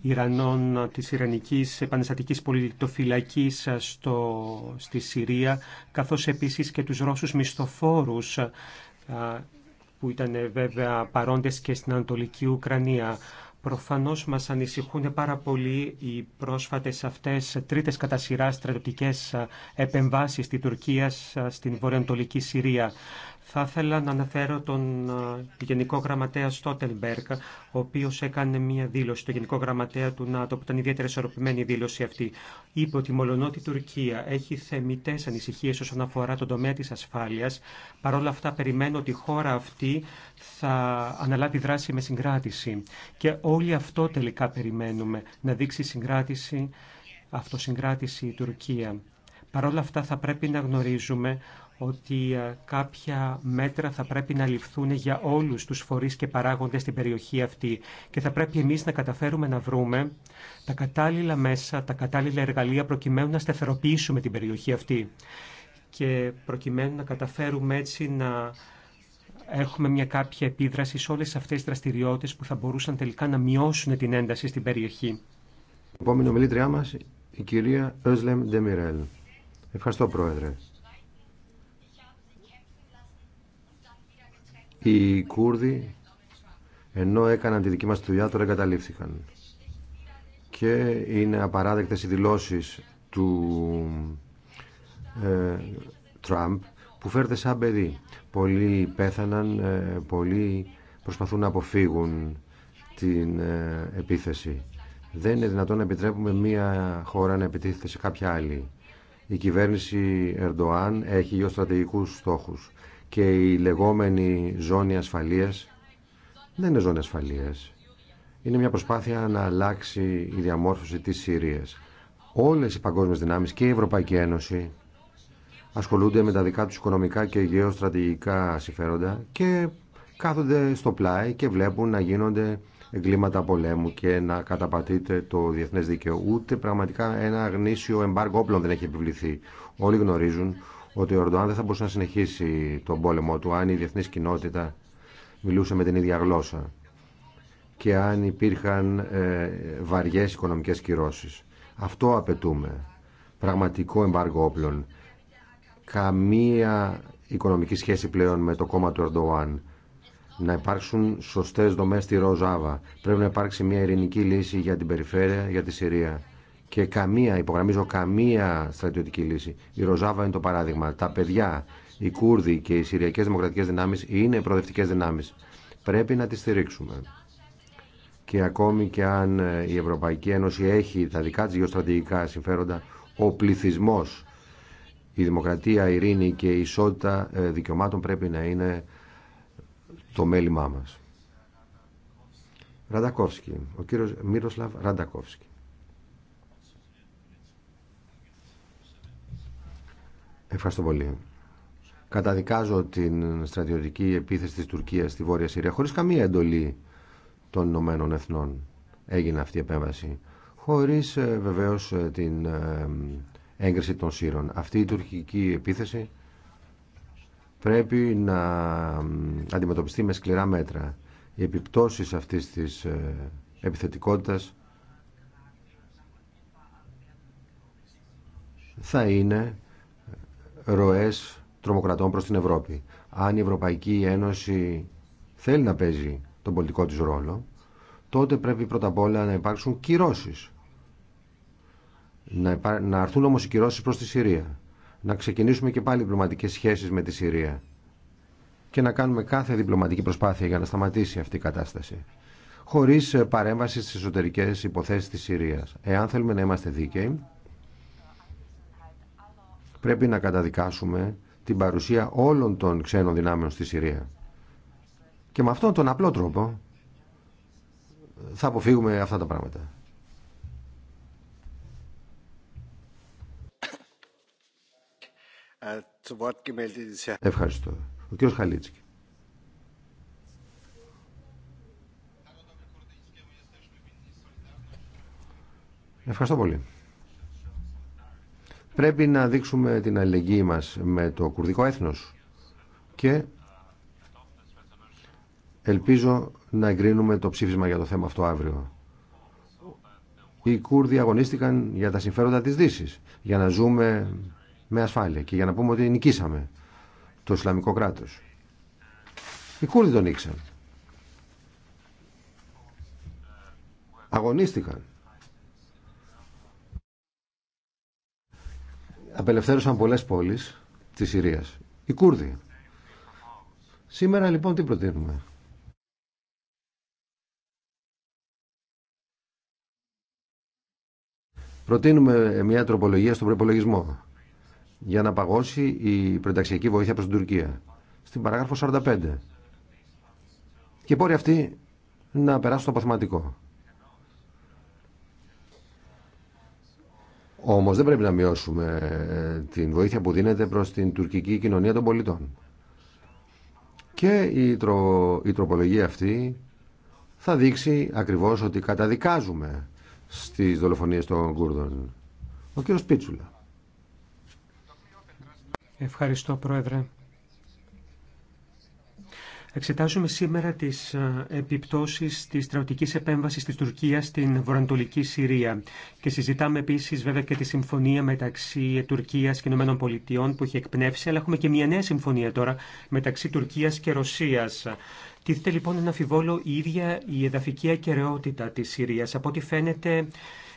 Ιρανών της Ιρανικής Επανεστατικής Πολιτοφυλακής στο, στη Συρία, καθώς επίσης και τους Ρώσους μισθοφόρους που ήταν βέβαια παρόντες και στην Ανατολική Ουκρανία. Προφανώς μας ανησυχούν πάρα πολύ οι πρόσφατες αυτές τρίτες κατά σειρά στρατιωτικές επεμβάσεις της Τουρκία, στην βορειοανατολική Συρία. Θα ήθελα να αναφέρω τον ε, Γενικό Γραμματέα Στότελμπεργκ, ο οποίο έκανε μία δήλωση το Γενικό Γραμματέα του ΝΑΤΟ, που ήταν ιδιαίτερα ισορροπημένη η δήλωση αυτή. Είπε ότι μολονότι η Τουρκία έχει θεμητέ ανησυχίε όσον αφορά τον τομέα τη ασφάλεια, παρόλα αυτά περιμένω ότι η χώρα αυτή θα αναλάβει δράση με συγκράτηση. Και όλοι αυτό τελικά περιμένουμε, να δείξει συγκράτηση, αυτοσυγκράτηση η Τουρκία. Παρ' όλα αυτά θα πρέπει να γνωρίζουμε ότι ε, κάποια μέτρα θα πρέπει να ληφθούν για όλους τους φορείς και παράγοντες στην περιοχή αυτή και θα πρέπει εμείς να καταφέρουμε να βρούμε τα κατάλληλα μέσα, τα κατάλληλα εργαλεία προκειμένου να σταθεροποιήσουμε την περιοχή αυτή και προκειμένου να καταφέρουμε έτσι να έχουμε μια κάποια επίδραση σε όλες αυτές τις δραστηριότητες που θα μπορούσαν τελικά να μειώσουν την ένταση στην περιοχή. Επόμενη ομιλήτριά μας, η κυρία Özlem Demirel. Ευχαριστώ, Πρόεδρε. Οι Κούρδοι ενώ έκαναν τη δική μας δουλειά τώρα εγκαταλείφθηκαν. Και είναι απαράδεκτες οι δηλώσεις του ε, Τραμπ που φέρτε σαν παιδί. Πολλοί πέθαναν, ε, πολλοί προσπαθούν να αποφύγουν την ε, επίθεση. Δεν είναι δυνατόν να επιτρέπουμε μία χώρα να επιτίθεται σε κάποια άλλη. Η κυβέρνηση Ερντοάν έχει γεωστρατηγικούς στόχους και η λεγόμενη ζώνη ασφαλείας δεν είναι ζώνη ασφαλείας. Είναι μια προσπάθεια να αλλάξει η διαμόρφωση της Συρίας. Όλες οι παγκόσμιες δυνάμεις και η Ευρωπαϊκή Ένωση ασχολούνται με τα δικά τους οικονομικά και γεωστρατηγικά συμφέροντα και κάθονται στο πλάι και βλέπουν να γίνονται εγκλήματα πολέμου και να καταπατείται το διεθνές δίκαιο. Ούτε πραγματικά ένα αγνήσιο εμπάργο όπλων δεν έχει επιβληθεί. Όλοι γνωρίζουν ότι ο Ερντοάν δεν θα μπορούσε να συνεχίσει τον πόλεμο του αν η διεθνή κοινότητα μιλούσε με την ίδια γλώσσα και αν υπήρχαν ε, βαριές οικονομικές κυρώσεις. Αυτό απαιτούμε. Πραγματικό εμπάργο όπλων. Καμία οικονομική σχέση πλέον με το κόμμα του Ερντοάν. Να υπάρξουν σωστές δομές στη Ροζάβα. Πρέπει να υπάρξει μια ειρηνική λύση για την περιφέρεια, για τη Συρία και καμία, υπογραμμίζω καμία στρατιωτική λύση. Η Ροζάβα είναι το παράδειγμα. Τα παιδιά, οι Κούρδοι και οι Συριακέ Δημοκρατικέ Δυνάμει είναι προοδευτικέ δυνάμει. Πρέπει να τι στηρίξουμε. Και ακόμη και αν ε, η Ευρωπαϊκή Ένωση έχει τα δικά τη γεωστρατηγικά συμφέροντα, ο πληθυσμό, η δημοκρατία, η ειρήνη και η ισότητα ε, δικαιωμάτων πρέπει να είναι το μέλημά μα. Ραντακόφσκι, ο κύριος Μύροσλαβ Ραντακόφσκι. Ευχαριστώ πολύ. Καταδικάζω την στρατιωτική επίθεση της Τουρκίας στη Βόρεια Συρία χωρίς καμία εντολή των Ηνωμένων Εθνών έγινε αυτή η επέμβαση χωρίς ε, βεβαίως ε, την ε, έγκριση των Σύρων. Αυτή η τουρκική επίθεση πρέπει να αντιμετωπιστεί με σκληρά μέτρα. Οι επιπτώσεις αυτής της επιθετικότητας θα είναι ροές τρομοκρατών προς την Ευρώπη. Αν η Ευρωπαϊκή Ένωση θέλει να παίζει τον πολιτικό της ρόλο, τότε πρέπει πρώτα απ' όλα να υπάρξουν κυρώσεις. Να, να αρθούν οι κυρώσεις προς τη Συρία. Να ξεκινήσουμε και πάλι διπλωματικές σχέσεις με τη Συρία. Και να κάνουμε κάθε διπλωματική προσπάθεια για να σταματήσει αυτή η κατάσταση. Χωρίς παρέμβαση στις εσωτερικές υποθέσεις της Συρίας. Εάν θέλουμε να είμαστε δίκαιοι, Πρέπει να καταδικάσουμε την παρουσία όλων των ξένων δυνάμεων στη Συρία. Και με αυτόν τον απλό τρόπο θα αποφύγουμε αυτά τα πράγματα. Ευχαριστώ. Ο κύριος Χαλίτσικη. Ευχαριστώ πολύ. Πρέπει να δείξουμε την αλληλεγγύη μας με το κουρδικό έθνος και ελπίζω να εγκρίνουμε το ψήφισμα για το θέμα αυτό αύριο. Οι Κούρδοι αγωνίστηκαν για τα συμφέροντα της Δύσης, για να ζούμε με ασφάλεια και για να πούμε ότι νικήσαμε το Ισλαμικό κράτος. Οι Κούρδοι τον νίξαν. Αγωνίστηκαν απελευθέρωσαν πολλές πόλεις της Συρίας. Οι Κούρδοι. Σήμερα λοιπόν τι προτείνουμε. Προτείνουμε μια τροπολογία στον προπολογισμό για να παγώσει η προταξιακή βοήθεια προς την Τουρκία. Στην παράγραφο 45. Και μπορεί αυτή να περάσει στο αποθηματικό. Όμω δεν πρέπει να μειώσουμε ε, την βοήθεια που δίνεται προ την τουρκική κοινωνία των πολιτών. Και η, τρο, η τροπολογία αυτή θα δείξει ακριβώς ότι καταδικάζουμε στι δολοφονίες των Κούρδων. Ο κύριος Πίτσουλα. Ευχαριστώ, Πρόεδρε. Εξετάζουμε σήμερα τις ε, επιπτώσεις της στρατιωτικής επέμβασης της Τουρκίας στην βορειοανατολική Συρία και συζητάμε επίσης βέβαια και τη συμφωνία μεταξύ Τουρκίας και Ηνωμένων Πολιτειών που έχει εκπνεύσει αλλά έχουμε και μια νέα συμφωνία τώρα μεταξύ Τουρκίας και Ρωσίας. Τίθεται λοιπόν ένα αμφιβόλο η ίδια η εδαφική ακαιρεότητα της Συρίας. Από ό,τι φαίνεται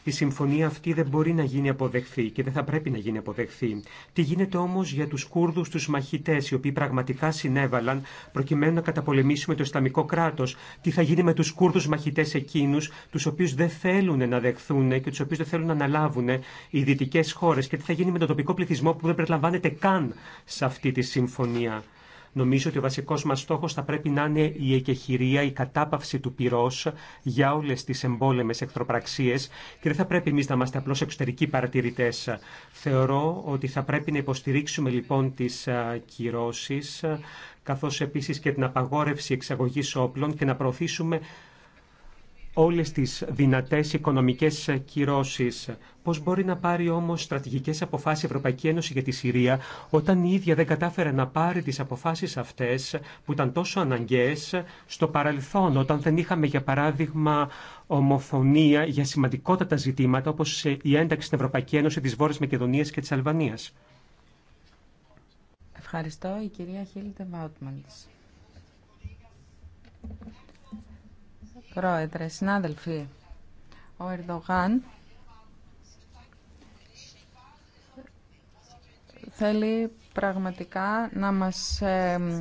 η συμφωνία αυτή δεν μπορεί να γίνει αποδεχθή και δεν θα πρέπει να γίνει αποδεχθή. Τι γίνεται όμω για του Κούρδου, του μαχητέ, οι οποίοι πραγματικά συνέβαλαν προκειμένου να καταπολεμήσουμε το Ισλαμικό κράτο. Τι θα γίνει με του Κούρδου μαχητέ εκείνου, του οποίου δεν θέλουν να δεχθούν και του οποίου δεν θέλουν να αναλάβουν οι δυτικέ χώρε. Και τι θα γίνει με τον τοπικό πληθυσμό που δεν περιλαμβάνεται καν σε αυτή τη συμφωνία. Νομίζω ότι ο βασικός μα στόχος θα πρέπει να είναι η εκεχηρία, η κατάπαυση του πυρός για όλε τι εμπόλεμε εχθροπραξίε και δεν θα πρέπει εμεί να είμαστε απλώ εξωτερικοί παρατηρητέ. Θεωρώ ότι θα πρέπει να υποστηρίξουμε λοιπόν τι κυρώσει καθώς επίσης και την απαγόρευση εξαγωγή όπλων και να προωθήσουμε όλες τις δυνατές οικονομικές κυρώσεις. Πώς μπορεί να πάρει όμως στρατηγικές αποφάσεις η Ευρωπαϊκή Ένωση για τη Συρία όταν η ίδια δεν κατάφερε να πάρει τις αποφάσεις αυτές που ήταν τόσο αναγκαίες στο παρελθόν όταν δεν είχαμε για παράδειγμα ομοφωνία για σημαντικότατα ζητήματα όπως η ένταξη στην Ευρωπαϊκή Ένωση της Βόρειας Μακεδονίας και της Αλβανίας. Ευχαριστώ η κυρία Χίλτε Βάουτμαντς. Πρόεδρε, συνάδελφοι, ο Ερδογάν θέλει πραγματικά να μας ε,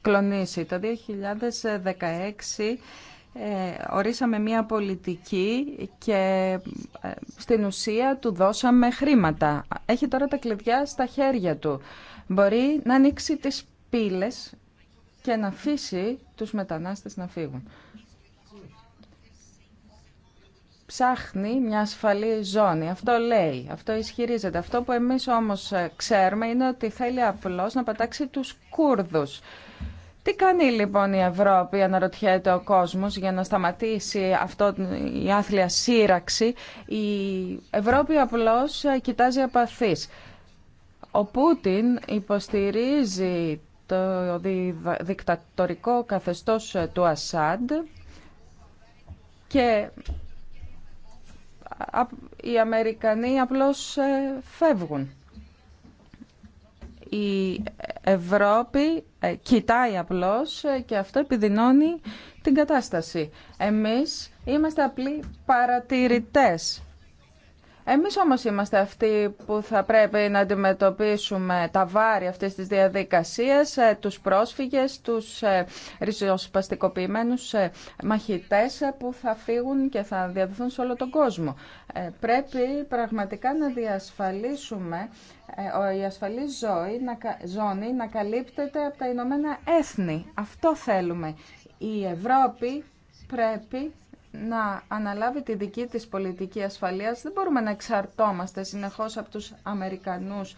κλονίσει. Το 2016 ε, ορίσαμε μια πολιτική και ε, στην ουσία του δώσαμε χρήματα. Έχει τώρα τα κλειδιά στα χέρια του. Μπορεί να ανοίξει τις πύλες και να αφήσει τους μετανάστες να φύγουν. Ψάχνει μια ασφαλή ζώνη. Αυτό λέει, αυτό ισχυρίζεται. Αυτό που εμείς όμως ε, ξέρουμε είναι ότι θέλει απλώς να πατάξει τους Κούρδους. Τι κάνει λοιπόν η Ευρώπη, αναρωτιέται ο κόσμος, για να σταματήσει αυτό η άθλια σύραξη. Η Ευρώπη απλώς ε, κοιτάζει απαθής. Ο Πούτιν υποστηρίζει το δικτατορικό καθεστώς του Ασάντ και οι Αμερικανοί απλώς ε, φεύγουν. Η Ευρώπη ε, κοιτάει απλώς ε, και αυτό επιδεινώνει την κατάσταση. Εμείς είμαστε απλοί παρατηρητές εμείς όμως είμαστε αυτοί που θα πρέπει να αντιμετωπίσουμε τα βάρη αυτής της διαδικασίας, ε, τους πρόσφυγες, τους ε, ριζοσπαστικοποιημένους ε, μαχητές που θα φύγουν και θα διαδοθούν σε όλο τον κόσμο. Πρέπει πραγματικά να διασφαλίσουμε η ασφαλή ζωή, ζώνη να καλύπτεται από τα Ηνωμένα Έθνη. Αυτό θέλουμε. Η Ευρώπη πρέπει να αναλάβει τη δική της πολιτική ασφαλείας δεν μπορούμε να εξαρτώμαστε συνεχώς από τους Αμερικανούς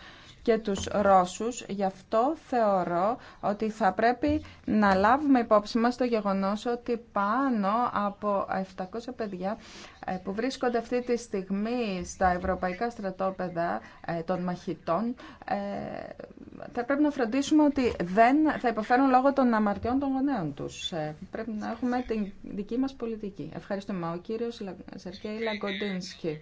και τους Ρώσους. Γι' αυτό θεωρώ ότι θα πρέπει να λάβουμε υπόψη μας το γεγονός ότι πάνω από 700 παιδιά ε, που βρίσκονται αυτή τη στιγμή στα ευρωπαϊκά στρατόπεδα ε, των μαχητών ε, θα πρέπει να φροντίσουμε ότι δεν θα υποφέρουν λόγω των αμαρτιών των γονέων τους. Πρέπει να έχουμε την δική μας πολιτική. Ευχαριστούμε. Ο κύριος Σερκέη Λαγκοντίνσκι.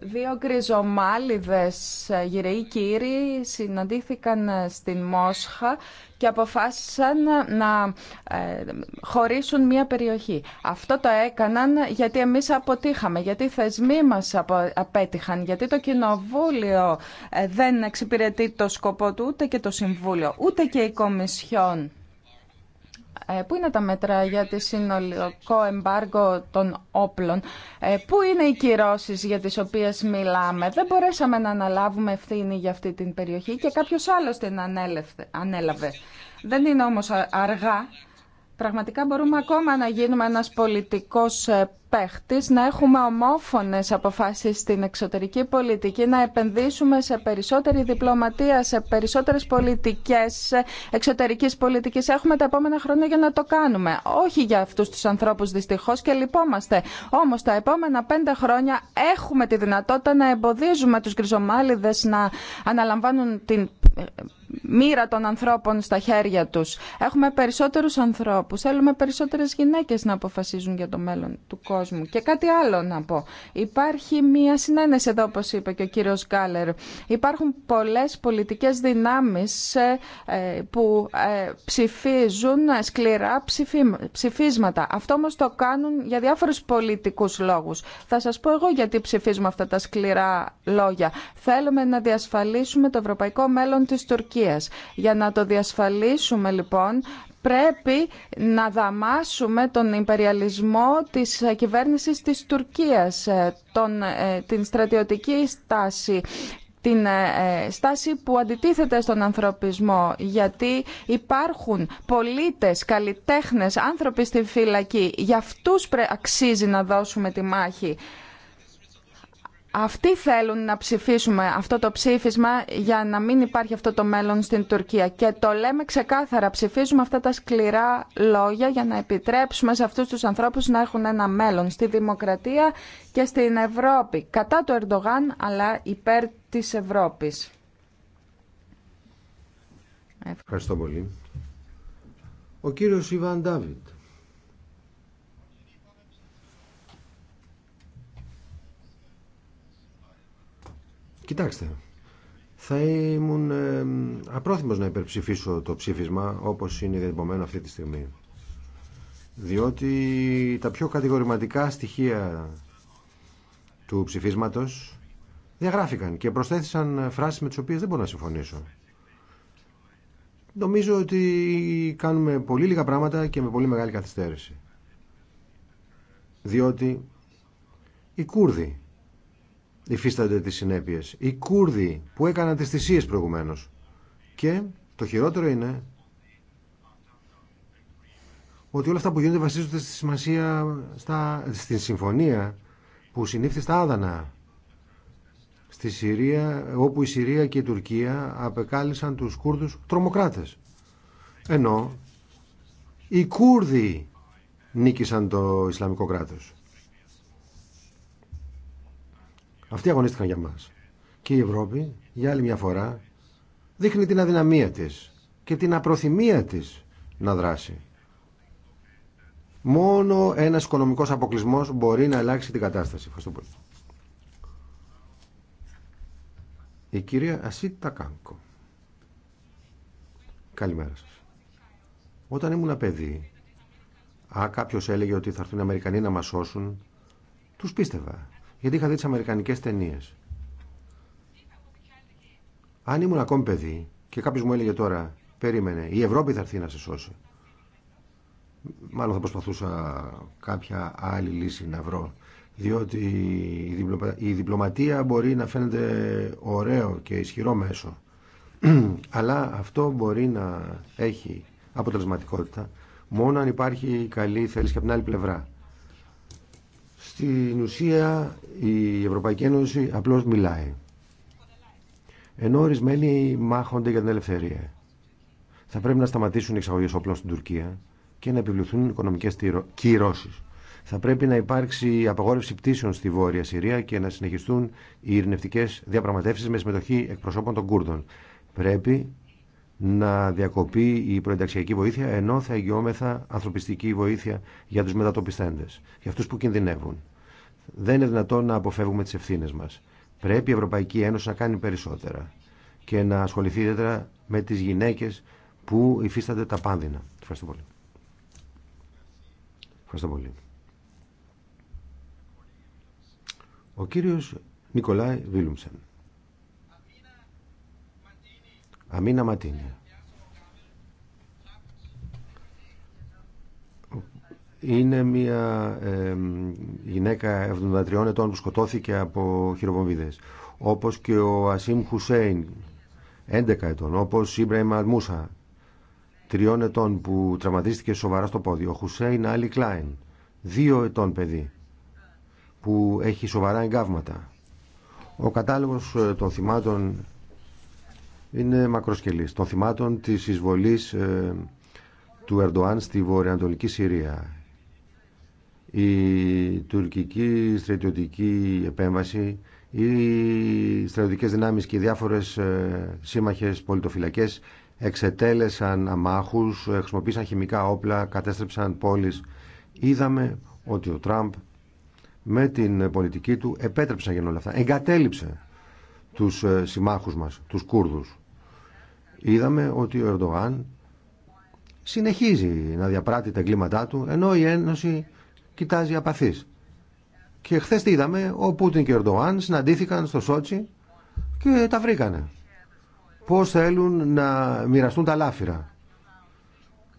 Δύο γκριζομάλιδες ε, γυραιοί κύριοι συναντήθηκαν ε, στην Μόσχα και αποφάσισαν ε, να χωρίσουν μία περιοχή. Αυτό το έκαναν γιατί εμείς αποτύχαμε, γιατί οι θεσμοί μας απέτυχαν, γιατί το Κοινοβούλιο δεν εξυπηρετεί το σκοπό του ούτε και το Συμβούλιο, ούτε και η Κομισιόν. Ε, πού είναι τα μέτρα για τη συνολικό εμπάργο των όπλων, ε, πού είναι οι κυρώσεις για τις οποίες μιλάμε. Δεν μπορέσαμε να αναλάβουμε ευθύνη για αυτή την περιοχή και κάποιος άλλος την ανέλαβε. Δεν είναι όμως αργά. Πραγματικά μπορούμε ακόμα να γίνουμε ένας πολιτικός ε, να έχουμε ομόφωνες αποφάσεις στην εξωτερική πολιτική, να επενδύσουμε σε περισσότερη διπλωματία, σε περισσότερες πολιτικές εξωτερικής πολιτικής. Έχουμε τα επόμενα χρόνια για να το κάνουμε. Όχι για αυτούς τους ανθρώπους δυστυχώς και λυπόμαστε. Όμως τα επόμενα πέντε χρόνια έχουμε τη δυνατότητα να εμποδίζουμε τους γκριζομάλιδες να αναλαμβάνουν την ε, μοίρα των ανθρώπων στα χέρια τους. Έχουμε περισσότερους ανθρώπους, θέλουμε περισσότερες γυναίκες να αποφασίζουν για το μέλλον του κόσμου. Και κάτι άλλο να πω. Υπάρχει μία συνένεση εδώ, όπως είπε και ο κύριος Γκάλερ. Υπάρχουν πολλές πολιτικές δυνάμεις ε, ε, που ε, ψηφίζουν σκληρά ψηφίσματα. Αυτό όμως το κάνουν για διάφορους πολιτικούς λόγους. Θα σας πω εγώ γιατί ψηφίζουμε αυτά τα σκληρά λόγια. Θέλουμε να διασφαλίσουμε το ευρωπαϊκό μέλλον της Τουρκίας. Για να το διασφαλίσουμε λοιπόν πρέπει να δαμάσουμε τον υπεριαλισμό της κυβέρνησης της Τουρκίας, ε, τον, ε, την στρατιωτική στάση την ε, στάση που αντιτίθεται στον ανθρωπισμό γιατί υπάρχουν πολίτες, καλλιτέχνες, άνθρωποι στη φυλακή. Για αυτούς αξίζει να δώσουμε τη μάχη. Αυτοί θέλουν να ψηφίσουμε αυτό το ψήφισμα για να μην υπάρχει αυτό το μέλλον στην Τουρκία. Και το λέμε ξεκάθαρα, ψηφίζουμε αυτά τα σκληρά λόγια για να επιτρέψουμε σε αυτούς τους ανθρώπους να έχουν ένα μέλλον στη δημοκρατία και στην Ευρώπη. Κατά το Ερντογάν, αλλά υπέρ της Ευρώπης. Ευχαριστώ πολύ. Ο κύριος Ιβάν Ντάβιτ. Κοιτάξτε, θα ήμουν ε, απρόθυμος να υπερψηφίσω το ψήφισμα όπως είναι διατυπωμένο αυτή τη στιγμή. Διότι τα πιο κατηγορηματικά στοιχεία του ψηφίσματος διαγράφηκαν και προσθέθησαν φράσεις με τις οποίες δεν μπορώ να συμφωνήσω. Νομίζω ότι κάνουμε πολύ λίγα πράγματα και με πολύ μεγάλη καθυστέρηση. Διότι οι Κούρδοι υφίστανται τις συνέπειες. Οι Κούρδοι που έκαναν τις θυσίες προηγουμένως. Και το χειρότερο είναι ότι όλα αυτά που γίνονται βασίζονται στη στην συμφωνία που συνήφθη στα Άδανα στη Συρία, όπου η Συρία και η Τουρκία απεκάλυψαν τους Κούρδους τρομοκράτες. Ενώ οι Κούρδοι νίκησαν το Ισλαμικό κράτος. Αυτοί αγωνίστηκαν για μας. Και η Ευρώπη, για άλλη μια φορά, δείχνει την αδυναμία της και την απροθυμία της να δράσει. Μόνο ένας οικονομικός αποκλεισμός μπορεί να αλλάξει την κατάσταση. Ευχαριστώ πολύ. Η κυρία Ασίτα Κάνκο. Καλημέρα σας. Όταν ήμουν παιδί, αν κάποιος έλεγε ότι θα έρθουν οι Αμερικανοί να μας σώσουν, τους πίστευα γιατί είχα δει τις αμερικανικές ταινίες. Αν ήμουν ακόμη παιδί και κάποιο μου έλεγε τώρα, περίμενε, η Ευρώπη θα έρθει να σε σώσει. Μάλλον θα προσπαθούσα κάποια άλλη λύση να βρω. Διότι η διπλωματία μπορεί να φαίνεται ωραίο και ισχυρό μέσο. Αλλά αυτό μπορεί να έχει αποτελεσματικότητα μόνο αν υπάρχει καλή θέληση από την άλλη πλευρά. Στην ουσία η Ευρωπαϊκή Ένωση απλώς μιλάει. Ενώ ορισμένοι μάχονται για την ελευθερία. Θα πρέπει να σταματήσουν οι εξαγωγέ όπλων στην Τουρκία και να επιβληθούν οικονομικέ κυρώσει. Θα πρέπει να υπάρξει απαγόρευση πτήσεων στη Βόρεια Συρία και να συνεχιστούν οι ειρηνευτικέ διαπραγματεύσει με συμμετοχή εκπροσώπων των Κούρδων. Πρέπει να διακοπεί η προενταξιακή βοήθεια ενώ θα εγγυόμεθα ανθρωπιστική βοήθεια για τους μετατοπιστέντες, για αυτούς που κινδυνεύουν. Δεν είναι δυνατόν να αποφεύγουμε τις ευθύνες μας. Πρέπει η Ευρωπαϊκή Ένωση να κάνει περισσότερα και να ασχοληθεί ιδιαίτερα με τις γυναίκες που υφίστανται τα πάνδυνα. Ευχαριστώ πολύ. Ευχαριστώ πολύ. Ο κύριος Νικολάη Βίλουμσεν. Αμίνα Ματίνια. Είναι μια γυναίκα 73 ετών που σκοτώθηκε από χειροβομβίδες. Όπως και ο Ασίμ Χουσέιν, 11 ετών. Όπως η Μπρέιμα Αρμούσα, 3 ετών που τραυματίστηκε σοβαρά στο πόδι. Ο Χουσέιν Άλι Κλάιν, 2 ετών παιδί, που έχει σοβαρά εγκάβματα. Ο κατάλογος ε, των θυμάτων είναι μακροσκελής των θυμάτων της εισβολής ε, του Ερντοάν στη βορειοανατολική Συρία. Η τουρκική στρατιωτική επέμβαση, οι στρατιωτικές δυνάμεις και οι διάφορες ε, σύμμαχες πολιτοφυλακές εξετέλεσαν αμάχους, χρησιμοποίησαν χημικά όπλα, κατέστρεψαν πόλεις. Είδαμε ότι ο Τραμπ με την πολιτική του επέτρεψε να όλα αυτά. Εγκατέλειψε τους ε, συμμάχους μας, τους Κούρδους είδαμε ότι ο Ερντογάν συνεχίζει να διαπράττει τα εγκλήματά του, ενώ η Ένωση κοιτάζει απαθής. Και χθε τι είδαμε, ο Πούτιν και ο Ερντογάν συναντήθηκαν στο Σότσι και τα βρήκανε. Πώς θέλουν να μοιραστούν τα λάφυρα.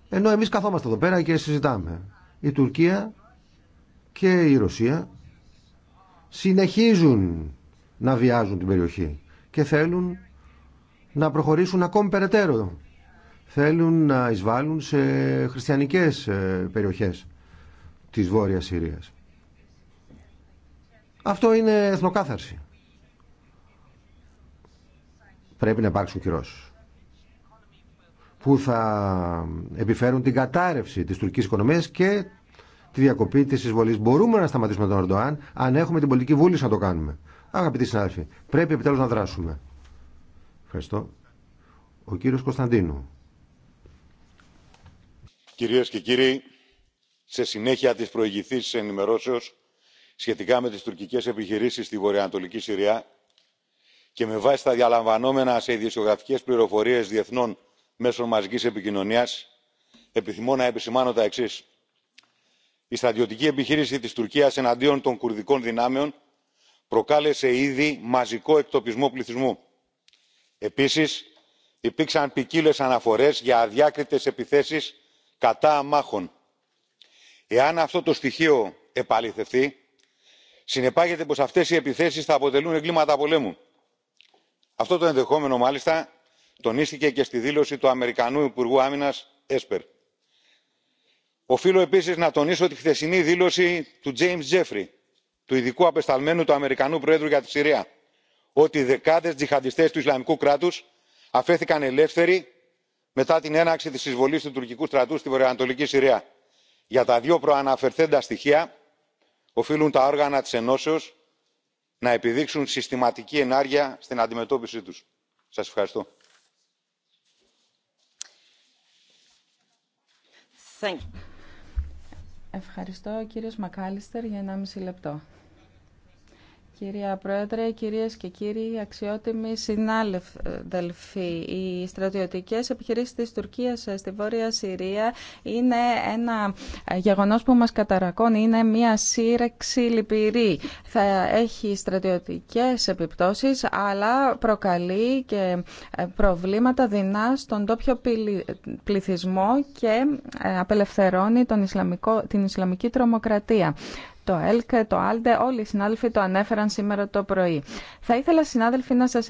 Ενώ εμείς καθόμαστε εδώ πέρα και συζητάμε. Η Τουρκία και η Ρωσία συνεχίζουν να βιάζουν την περιοχή και θέλουν να προχωρήσουν ακόμη περαιτέρω. Θέλουν να εισβάλλουν σε χριστιανικές ε, περιοχές της Βόρειας Συρίας. Αυτό είναι εθνοκάθαρση. Πρέπει να υπάρξουν κυρώσεις που θα επιφέρουν την κατάρρευση της τουρκικής οικονομίας και τη διακοπή της εισβολής. Μπορούμε να σταματήσουμε τον Ορντοάν αν έχουμε την πολιτική βούληση να το κάνουμε. Αγαπητοί συνάδελφοι, πρέπει επιτέλους να δράσουμε. Ευχαριστώ. Ο κύριος Κωνσταντίνου. Κυρίες και κύριοι, σε συνέχεια της προηγηθής ενημερώσεως σχετικά με τις τουρκικές επιχειρήσεις στη βορειοανατολική Συρία και με βάση τα διαλαμβανόμενα σε ειδησιογραφικές πληροφορίες διεθνών μέσων μαζικής επικοινωνίας, επιθυμώ να επισημάνω τα εξή. Η στρατιωτική επιχείρηση της Τουρκίας εναντίον των κουρδικών δυνάμεων προκάλεσε ήδη μαζικό εκτοπισμό πληθυσμού επίσης υπήρξαν ποικίλε αναφορές για αδιάκριτες επιθέσεις κατά αμάχων. εάν αυτό το στοιχείο επαληθευτεί συνεπάγεται πως αυτές οι επιθέσεις θα αποτελούν εγκλήματα πολέμου. αυτό το ενδεχόμενο μάλιστα τονίστηκε και στη δήλωση του αμερικανού υπουργού άμυνας έσπερ. οφείλω επίση να τονίσω τη χθεσινή δήλωση του james jeffrey του ειδικού απεσταλμένου του αμερικανού προέδρου για τη συρία ότι δεκάδες τζιχαντιστές του ισλαμικού κράτους αφέθηκαν ελεύθεροι μετά την έναρξη της εισβολής του τουρκικού στρατού στη βορειοανατολική συρία. για τα δύο προαναφερθέντα στοιχεία οφείλουν τα όργανα της ενώσεως να επιδείξουν συστηματική ενάργεια στην αντιμετώπιση τους. σας ευχαριστώ. Ευχαριστώ κύριος Μακάλιστερ για 1,5 λεπτό. Κυρία Πρόεδρε, κυρίες και κύριοι αξιότιμοι συνάδελφοι, οι στρατιωτικές επιχειρήσεις της Τουρκίας ε, στη Βόρεια Συρία είναι ένα γεγονός που μας καταρακώνει, είναι μια σύρεξη λυπηρή. Θα έχει στρατιωτικές επιπτώσεις, αλλά προκαλεί και ε, προβλήματα δεινά στον τόπιο πληθυσμό και ε, απελευθερώνει τον Ισλαμικό, την Ισλαμική τρομοκρατία το ΕΛΚ, το ΑΛΔΕ, όλοι οι συνάδελφοι το ανέφεραν σήμερα το πρωί. Θα ήθελα συνάδελφοι να σας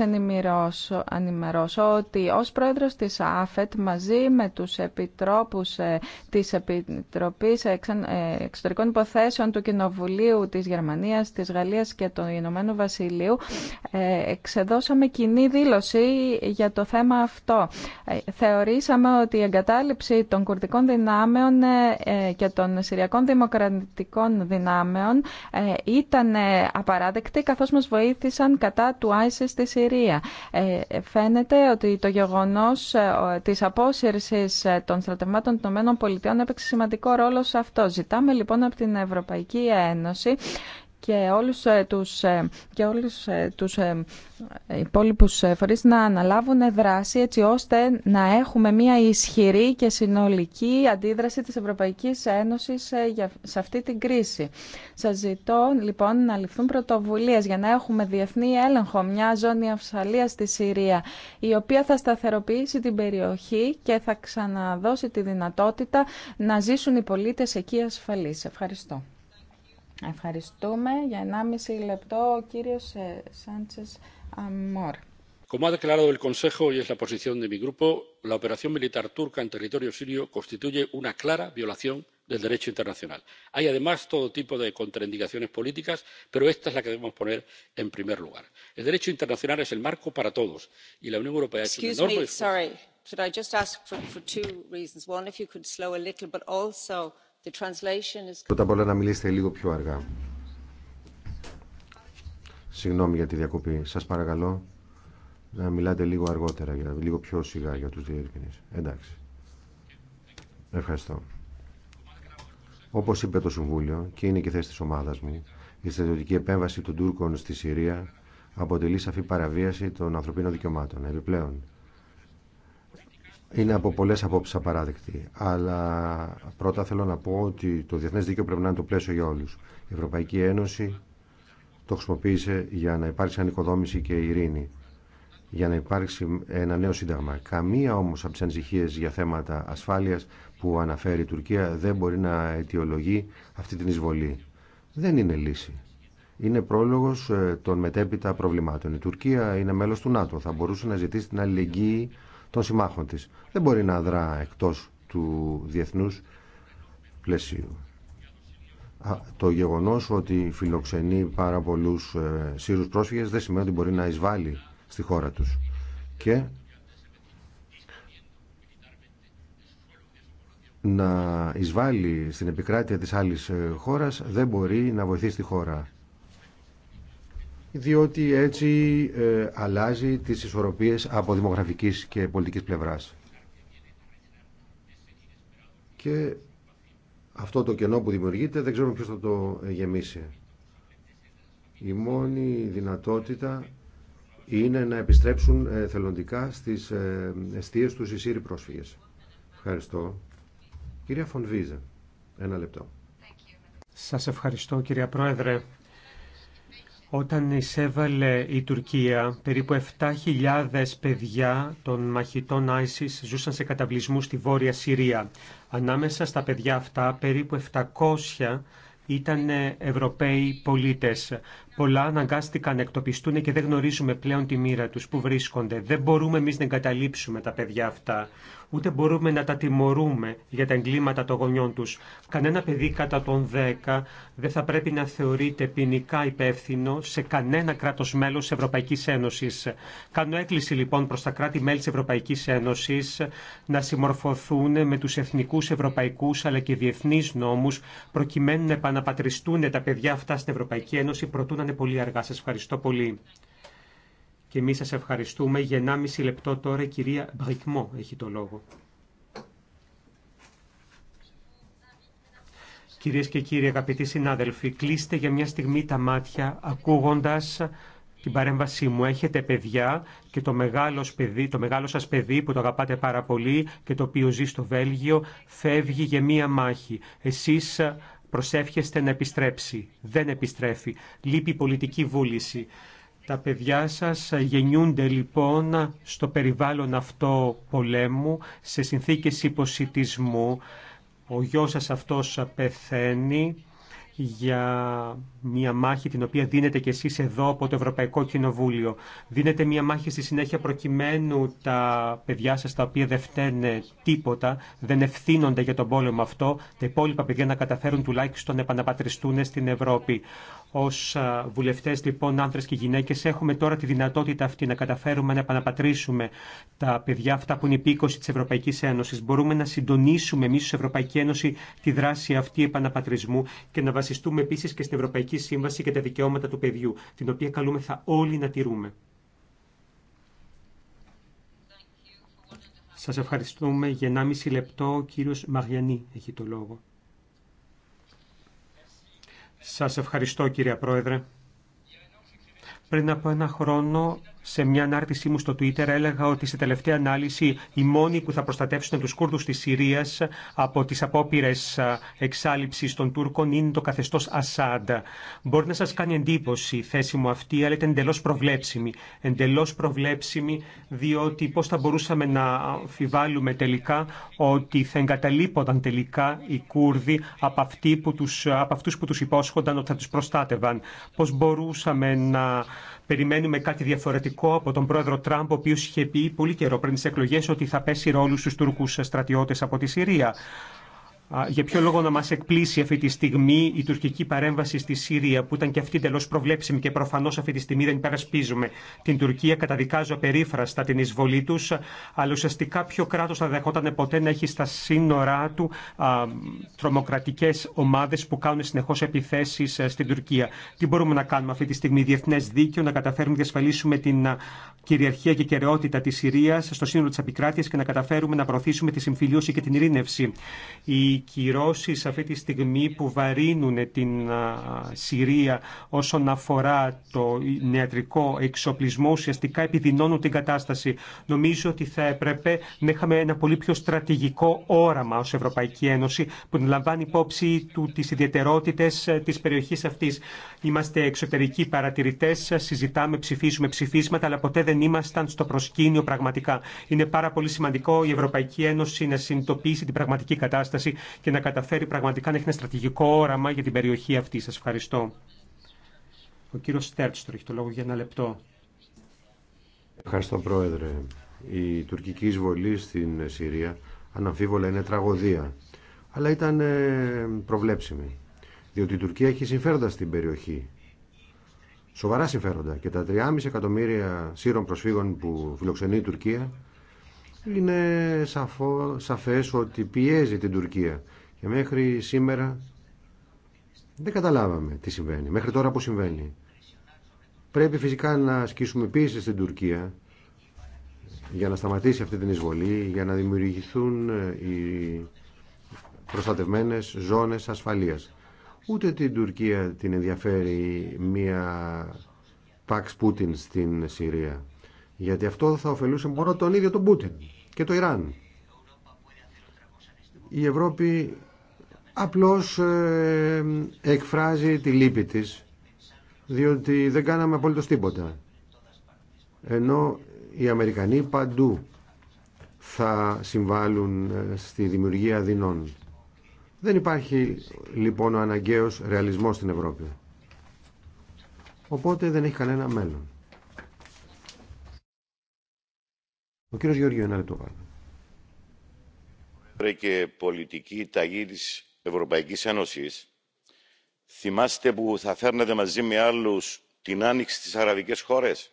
ενημερώσω, ότι ως πρόεδρος της ΑΦΕΤ μαζί με τους επιτρόπους ε, της Επιτροπής ε, Εξωτερικών Υποθέσεων του Κοινοβουλίου της Γερμανίας, της Γαλλίας και του Ηνωμένου Βασιλείου ε, εξεδώσαμε κοινή δήλωση για το θέμα αυτό. Θεωρήσαμε ότι η εγκατάλειψη των κουρδικών δυνάμεων και των συριακών δημοκρατικών δυνάμεων δυνάμεων ε, ήταν ε, απαράδεκτη καθώς μας βοήθησαν κατά του ISIS στη Συρία. Ε, φαίνεται ότι το γεγονός της απόσυρσης των στρατευμάτων των ΗΠΑ έπαιξε σημαντικό ρόλο σε αυτό. Ζητάμε λοιπόν από την Ευρωπαϊκή Ένωση και όλους ε, τους, ε, και όλους ε, τους υπόλοιπους φορείς να αναλάβουν δράση έτσι ώστε να έχουμε μια ισχυρή και συνολική αντίδραση της Ευρωπαϊκής Ένωσης σε αυτή την κρίση. Σας ζητώ λοιπόν να ληφθούν πρωτοβουλίες για να έχουμε διεθνή έλεγχο μια ζώνη αυσαλίας στη Συρία η οποία θα σταθεροποιήσει την περιοχή και θα ξαναδώσει τη δυνατότητα να ζήσουν οι πολίτες εκεί ασφαλείς. Ευχαριστώ. Ευχαριστούμε. Για 1,5 λεπτό ο κύριος Σάντσες Como ha declarado el Consejo y es la posición de mi grupo, la operación militar turca en territorio sirio constituye una clara violación del derecho internacional. Hay además todo tipo de contraindicaciones políticas, pero esta es la que debemos poner en primer lugar. El derecho internacional es el marco para todos y la Unión Europea es un enorme Πρώτα απ' όλα να μιλήσετε λίγο πιο αργά. Συγγνώμη για τη διακοπή. Σας παρακαλώ να μιλάτε λίγο αργότερα, λίγο πιο σιγά για τους διερμηνείς. Εντάξει. Ευχαριστώ. Όπως είπε το Συμβούλιο και είναι και θέση της ομάδας μου, η στρατιωτική επέμβαση των Τούρκων στη Συρία αποτελεί σαφή παραβίαση των ανθρωπίνων δικαιωμάτων. Επιπλέον, είναι από πολλέ απόψει απαράδεκτη. Αλλά πρώτα θέλω να πω ότι το διεθνέ δίκαιο πρέπει να είναι το πλαίσιο για όλου. Η Ευρωπαϊκή Ένωση το χρησιμοποίησε για να υπάρξει ανοικοδόμηση και ειρήνη. Για να υπάρξει ένα νέο σύνταγμα. Καμία όμω από τι ανησυχίε για θέματα ασφάλεια που αναφέρει η Τουρκία δεν μπορεί να αιτιολογεί αυτή την εισβολή. Δεν είναι λύση. Είναι πρόλογο ε, των μετέπειτα προβλημάτων. Η Τουρκία είναι μέλο του ΝΑΤΟ. Θα μπορούσε να ζητήσει την αλληλεγγύη των συμμάχων της. Δεν μπορεί να δρά εκτός του διεθνούς πλαισίου. Το γεγονός ότι φιλοξενεί πάρα πολλούς ε, Σύρους πρόσφυγες δεν σημαίνει ότι μπορεί να εισβάλλει στη χώρα τους. Και να εισβάλλει στην επικράτεια της άλλης ε, χώρας δεν μπορεί να βοηθήσει τη χώρα διότι έτσι ε, αλλάζει τις ισορροπίες από δημογραφικής και πολιτικής πλευράς. Και αυτό το κενό που δημιουργείται δεν ξέρουμε ποιος θα το ε, γεμίσει. Η μόνη δυνατότητα είναι να επιστρέψουν ε, θελοντικά στις αιστείες τους οι Σύριοι πρόσφυγες. Ευχαριστώ. Κυρία Φονβίζε, ένα λεπτό. Σας ευχαριστώ κυρία Πρόεδρε. Όταν εισέβαλε η Τουρκία, περίπου 7.000 παιδιά των μαχητών ISIS ζούσαν σε καταβλισμού στη Βόρεια Συρία. Ανάμεσα στα παιδιά αυτά, περίπου 700 ήταν Ευρωπαίοι πολίτες. Πολλά αναγκάστηκαν να εκτοπιστούν και δεν γνωρίζουμε πλέον τη μοίρα τους που βρίσκονται. Δεν μπορούμε εμείς να εγκαταλείψουμε τα παιδιά αυτά, ούτε μπορούμε να τα τιμωρούμε για τα εγκλήματα των γονιών τους. Κανένα παιδί κατά των 10 δεν θα πρέπει να θεωρείται ποινικά υπεύθυνο σε κανένα κράτος μέλος της Ευρωπαϊκής Ένωσης. Κάνω έκκληση λοιπόν προς τα κράτη-μέλη της Ευρωπαϊκής Ένωσης να συμμορφωθούν με τους εθνικούς, ευρωπαϊκούς αλλά και διεθνείς νόμους προκειμένου να επαναπατριστούν τα παιδιά αυτά στην Ευρωπαϊκή Ένωση προτού είναι πολύ αργά. Σας ευχαριστώ πολύ. Και εμείς σας ευχαριστούμε. Για 1,5 λεπτό τώρα η κυρία Μπρικμό έχει το λόγο. Κυρίες και κύριοι αγαπητοί συνάδελφοι, κλείστε για μια στιγμή τα μάτια ακούγοντας την παρέμβασή μου. Έχετε παιδιά και το μεγάλο, παιδί, το μεγάλο σας παιδί που το αγαπάτε πάρα πολύ και το οποίο ζει στο Βέλγιο φεύγει για μία μάχη. Εσείς προσεύχεστε να επιστρέψει. Δεν επιστρέφει. Λείπει πολιτική βούληση. Τα παιδιά σας γεννιούνται λοιπόν στο περιβάλλον αυτό πολέμου, σε συνθήκες υποσυτισμού. Ο γιος σας αυτός πεθαίνει για μια μάχη την οποία δίνετε κι εσείς εδώ από το Ευρωπαϊκό Κοινοβούλιο. Δίνετε μια μάχη στη συνέχεια προκειμένου τα παιδιά σας τα οποία δεν φταίνε τίποτα, δεν ευθύνονται για τον πόλεμο αυτό, τα υπόλοιπα παιδιά να καταφέρουν τουλάχιστον να επαναπατριστούν στην Ευρώπη. Ως βουλευτές λοιπόν, άντρε και γυναίκες έχουμε τώρα τη δυνατότητα αυτή να καταφέρουμε να επαναπατρίσουμε τα παιδιά αυτά που είναι υπήκοση της Ευρωπαϊκής Ένωσης. Μπορούμε να συντονίσουμε εμείς ω Ευρωπαϊκή Ένωση τη δράση αυτή επαναπατρισμού και να βασιστούμε επίσης και στην Ευρωπαϊκή Σύμβαση και τα δικαιώματα του παιδιού, την οποία καλούμε θα όλοι να τηρούμε. Σας ευχαριστούμε για 1,5 λεπτό. Ο κύριος Μαριανή έχει το λόγο. Σας ευχαριστώ κυρία Πρόεδρε. Πριν από ένα χρόνο σε μια ανάρτησή μου στο Twitter έλεγα ότι σε τελευταία ανάλυση οι μόνοι που θα προστατεύσουν τους Κούρδους της Συρίας από τις απόπειρες εξάλληψης των Τούρκων είναι το καθεστώς Ασάντ. Μπορεί να σας κάνει εντύπωση η θέση μου αυτή, αλλά ήταν εντελώς προβλέψιμη. Εντελώς προβλέψιμη διότι πώς θα μπορούσαμε να αμφιβάλλουμε τελικά ότι θα εγκαταλείπονταν τελικά οι Κούρδοι από, αυτοί που τους, από αυτούς που τους υπόσχονταν ότι θα τους προστάτευαν. Πώς μπορούσαμε να περιμένουμε κάτι διαφορετικό ρητορικό από τον πρόεδρο Τραμπ, ο οποίο είχε πει πολύ καιρό πριν τι εκλογέ ότι θα πέσει ρόλο στου Τούρκου στρατιώτε από τη Συρία για ποιο λόγο να μας εκπλήσει αυτή τη στιγμή η τουρκική παρέμβαση στη Σύρια που ήταν και αυτή τελώ προβλέψιμη και προφανώς αυτή τη στιγμή δεν υπερασπίζουμε την Τουρκία, καταδικάζω απερίφραστα την εισβολή τους, αλλά ουσιαστικά ποιο κράτος θα δεχόταν ποτέ να έχει στα σύνορά του τρομοκρατικέ τρομοκρατικές ομάδες που κάνουν συνεχώς επιθέσεις ε, στην Τουρκία. Τι μπορούμε να κάνουμε αυτή τη στιγμή, διεθνέ δίκαιο, να καταφέρουμε να διασφαλίσουμε την κυριαρχία και κεραιότητα της Συρίας στο σύνολο της επικράτειας και να καταφέρουμε να προωθήσουμε τη συμφιλίωση και την ειρήνευση οι κυρώσεις αυτή τη στιγμή που βαρύνουν την Συρία όσον αφορά το νεατρικό εξοπλισμό ουσιαστικά επιδεινώνουν την κατάσταση. Νομίζω ότι θα έπρεπε να είχαμε ένα πολύ πιο στρατηγικό όραμα ως Ευρωπαϊκή Ένωση που να λαμβάνει υπόψη του τις ιδιαιτερότητες ε, της περιοχής αυτής. Είμαστε εξωτερικοί παρατηρητές, ε, συζητάμε, ψηφίζουμε ψηφίσματα, αλλά ποτέ δεν ήμασταν στο προσκήνιο πραγματικά. Είναι πάρα πολύ σημαντικό η Ευρωπαϊκή Ένωση να συνειδητοποιήσει την πραγματική κατάσταση και να καταφέρει πραγματικά να έχει ένα στρατηγικό όραμα για την περιοχή αυτή. Σας ευχαριστώ. Ο κύριο Στέρτστρο έχει το λόγο για ένα λεπτό. Ευχαριστώ Πρόεδρε. Η τουρκική εισβολή στην Συρία αναμφίβολα είναι τραγωδία, αλλά ήταν ε, προβλέψιμη, διότι η Τουρκία έχει συμφέροντα στην περιοχή. Σοβαρά συμφέροντα και τα 3,5 εκατομμύρια Σύρων προσφύγων που φιλοξενεί η Τουρκία είναι σαφό, σαφές ότι πιέζει την Τουρκία και μέχρι σήμερα δεν καταλάβαμε τι συμβαίνει, μέχρι τώρα που συμβαίνει. Πρέπει φυσικά να ασκήσουμε πίεση στην Τουρκία για να σταματήσει αυτή την εισβολή, για να δημιουργηθούν ε, οι προστατευμένες ζώνες ασφαλείας. Ούτε την Τουρκία την ενδιαφέρει μία Παξ Πούτιν στην Συρία. Γιατί αυτό θα ωφελούσε μόνο τον ίδιο τον Πούτιν και το Ιράν. Η Ευρώπη απλώς ε, εκφράζει τη λύπη της, διότι δεν κάναμε απολύτως τίποτα. Ενώ οι Αμερικανοί παντού θα συμβάλλουν ε, στη δημιουργία δεινών. Δεν υπάρχει λοιπόν ο αναγκαίος ρεαλισμός στην Ευρώπη. Οπότε δεν έχει κανένα μέλλον. Ο κύριος Γεωργίου, ένα λεπτό πάνω. και πολιτική ταγή της Ευρωπαϊκής Ένωσης, θυμάστε που θα φέρνετε μαζί με άλλους την άνοιξη στις αραβικές χώρες.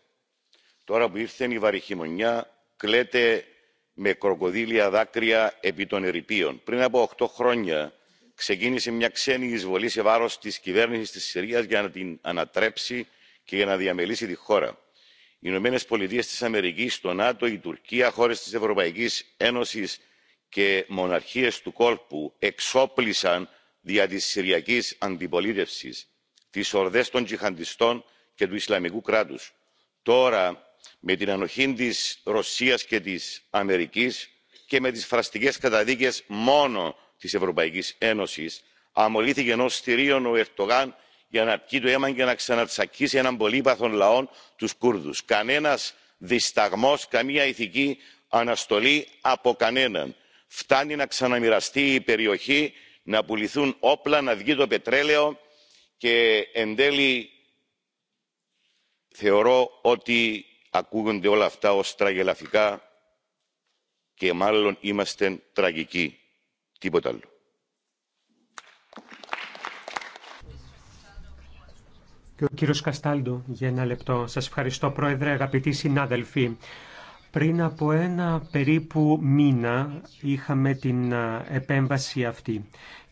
Τώρα που ήρθε η βαριχημονιά, κλαίτε με κροκοδίλια δάκρυα επί των ερυπείων. Πριν από 8 χρόνια ξεκίνησε μια ξένη εισβολή σε βάρος της κυβέρνησης της Συρίας για να την ανατρέψει και για να διαμελήσει τη χώρα οι ηνωμένε πολιτείε τη Αμερική το νάτο η τουρκία χώρε τη Ευρωπαϊκή Ένωση και μοναρχίε του κόλπου εξόπλισαν δια τη συριακή αντιπολίτευση τις ορδές των τζιχαντιστών και του ισλαμικού κράτου. τώρα με την ανοχή τη Ρωσία και τη Αμερική και με τι φραστικέ καταδίκες μόνο τη Ευρωπαϊκή Ένωση, αμολύθηκε ενός θηρίων ο ερντογάν για να πιει το αίμα και να ξανατσακίσει έναν πολύπαθον λαό τους Κούρδους. Κανένας δισταγμό, καμία ηθική αναστολή από κανέναν. Φτάνει να ξαναμοιραστεί η περιοχή, να πουληθούν όπλα, να βγει το πετρέλαιο και εν τέλει θεωρώ ότι ακούγονται όλα αυτά ως τραγελαφικά και μάλλον είμαστε τραγικοί. Τίποτα άλλο. Και ο κύριος Καστάλντο για ένα λεπτό. Σας ευχαριστώ πρόεδρε, αγαπητοί συνάδελφοι. Πριν από ένα περίπου μήνα είχαμε την επέμβαση αυτή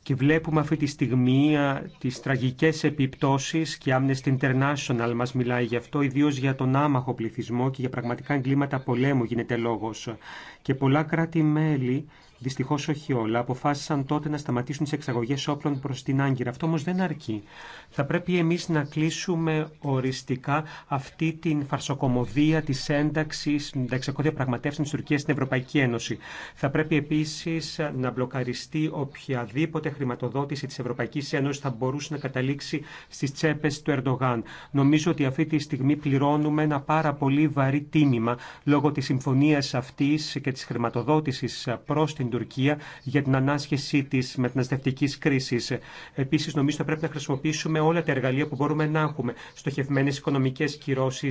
και βλέπουμε αυτή τη στιγμή τις τραγικές επιπτώσεις και Amnesty International μας μιλάει γι' αυτό, ιδίως για τον άμαχο πληθυσμό και για πραγματικά εγκλήματα πολέμου γίνεται λόγος. Και πολλά κράτη-μέλη Δυστυχώ όχι όλα. Αποφάσισαν τότε να σταματήσουν τι εξαγωγέ όπλων προ την Άγκυρα. Αυτό όμω δεν αρκεί. Θα πρέπει εμεί να κλείσουμε οριστικά αυτή την φαρσοκομωδία τη ένταξη ενταξιακών διαπραγματεύσεων τη Τουρκία στην Ευρωπαϊκή Ένωση. Θα πρέπει επίση να μπλοκαριστεί οποιαδήποτε χρηματοδότηση τη Ευρωπαϊκή Ένωση θα μπορούσε να καταλήξει στι τσέπε του Ερντογάν. Νομίζω ότι αυτή τη στιγμή πληρώνουμε ένα πάρα πολύ βαρύ τίμημα λόγω τη συμφωνία αυτή και τη χρηματοδότηση προ την Τουρκία για την ανάσχεσή τη μεταναστευτική κρίση. Επίση, νομίζω ότι πρέπει να χρησιμοποιήσουμε όλα τα εργαλεία που μπορούμε να έχουμε. Στοχευμένε οικονομικέ κυρώσει,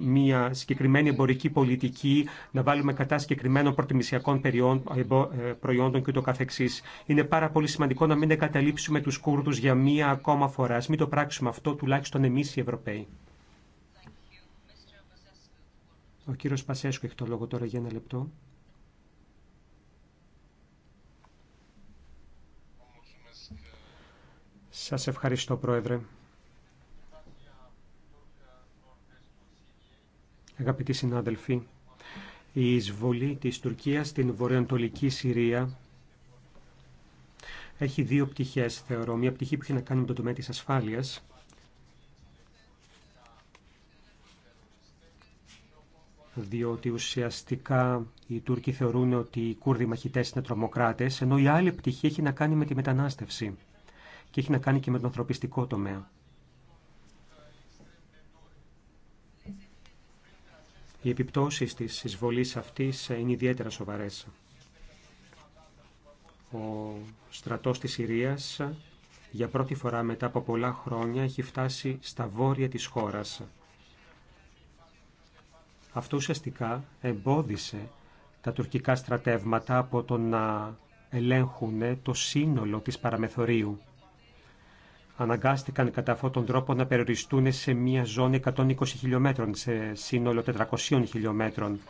μια συγκεκριμένη εμπορική πολιτική, να βάλουμε κατά συγκεκριμένων προτιμησιακών ε, προϊόντων κ.ο.κ. Είναι πάρα πολύ σημαντικό να μην εγκαταλείψουμε του Κούρδου για μία ακόμα φορά. Α μην το πράξουμε αυτό, τουλάχιστον εμεί οι Ευρωπαίοι. Ο κύριος Πασέσκου έχει το λόγο τώρα για ένα λεπτό. Σας ευχαριστώ, Πρόεδρε. Αγαπητοί συνάδελφοι, η εισβολή της Τουρκίας στην βορειοανατολική Συρία έχει δύο πτυχές, θεωρώ. Μία πτυχή που έχει να κάνει με το τομέα της ασφάλειας διότι ουσιαστικά οι Τούρκοι θεωρούν ότι οι Κούρδοι μαχητές είναι τρομοκράτες, ενώ η άλλη πτυχή έχει να κάνει με τη μετανάστευση και έχει να κάνει και με τον ανθρωπιστικό τομέα. Οι επιπτώσεις της εισβολής αυτής είναι ιδιαίτερα σοβαρές. Ο στρατός της Συρίας για πρώτη φορά μετά από πολλά χρόνια έχει φτάσει στα βόρεια της χώρας. Αυτό ουσιαστικά εμπόδισε τα τουρκικά στρατεύματα από το να ελέγχουν το σύνολο της παραμεθορίου αναγκάστηκαν κατά αυτόν τον τρόπο να περιοριστούν σε μια ζώνη 120 χιλιόμετρων, σε σύνολο 400 χιλιόμετρων.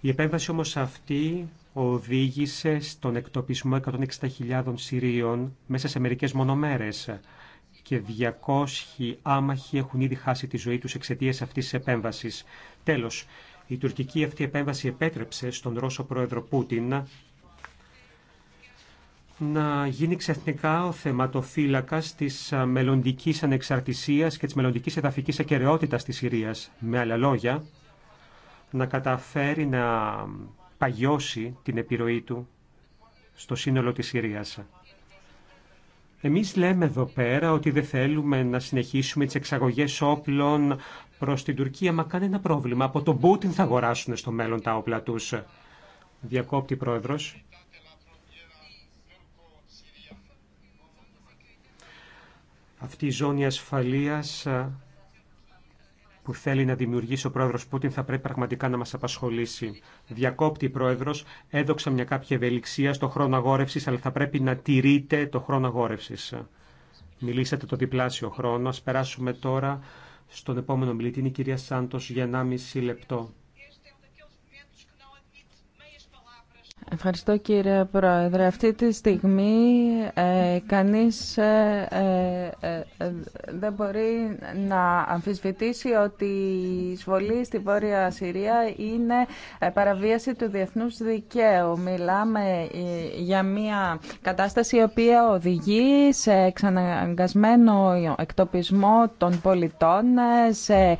Η επέμβαση όμως αυτή οδήγησε στον εκτοπισμό 160.000 Συρίων μέσα σε μερικές μονομέρες και 200 άμαχοι έχουν ήδη χάσει τη ζωή τους εξαιτίας αυτής της επέμβασης. Τέλος, η τουρκική αυτή επέμβαση επέτρεψε στον Ρώσο πρόεδρο Πούτιν να γίνει ξεχνικά ο θεματοφύλακας της μελλοντική ανεξαρτησίας και της μελλοντική εδαφικής ακεραιότητας της Συρίας. Με άλλα λόγια, να καταφέρει να παγιώσει την επιρροή του στο σύνολο της Συρίας. Εμείς λέμε εδώ πέρα ότι δεν θέλουμε να συνεχίσουμε τις εξαγωγές όπλων προς την Τουρκία, μα ένα πρόβλημα. Από τον Πούτιν θα αγοράσουν στο μέλλον τα όπλα τους. Διακόπτη πρόεδρος. αυτή η ζώνη ασφαλείας που θέλει να δημιουργήσει ο πρόεδρος Πούτιν θα πρέπει πραγματικά να μας απασχολήσει. Διακόπτη πρόεδρος, έδωξα μια κάποια ευελιξία στο χρόνο αγόρευσης, αλλά θα πρέπει να τηρείτε το χρόνο αγόρευσης. Μιλήσατε το διπλάσιο χρόνο. Ας περάσουμε τώρα στον επόμενο μιλητή, είναι η κυρία Σάντος για 1,5 λεπτό. Ευχαριστώ κύριε Πρόεδρε. Αυτή τη στιγμή ε, κανείς ε, ε, ε, δεν μπορεί να αμφισβητήσει ότι η εισβολή στη Βόρεια Συρία είναι παραβίαση του διεθνούς δικαίου. Μιλάμε για μια κατάσταση η οποία οδηγεί σε εξαναγκασμένο εκτοπισμό των πολιτών, σε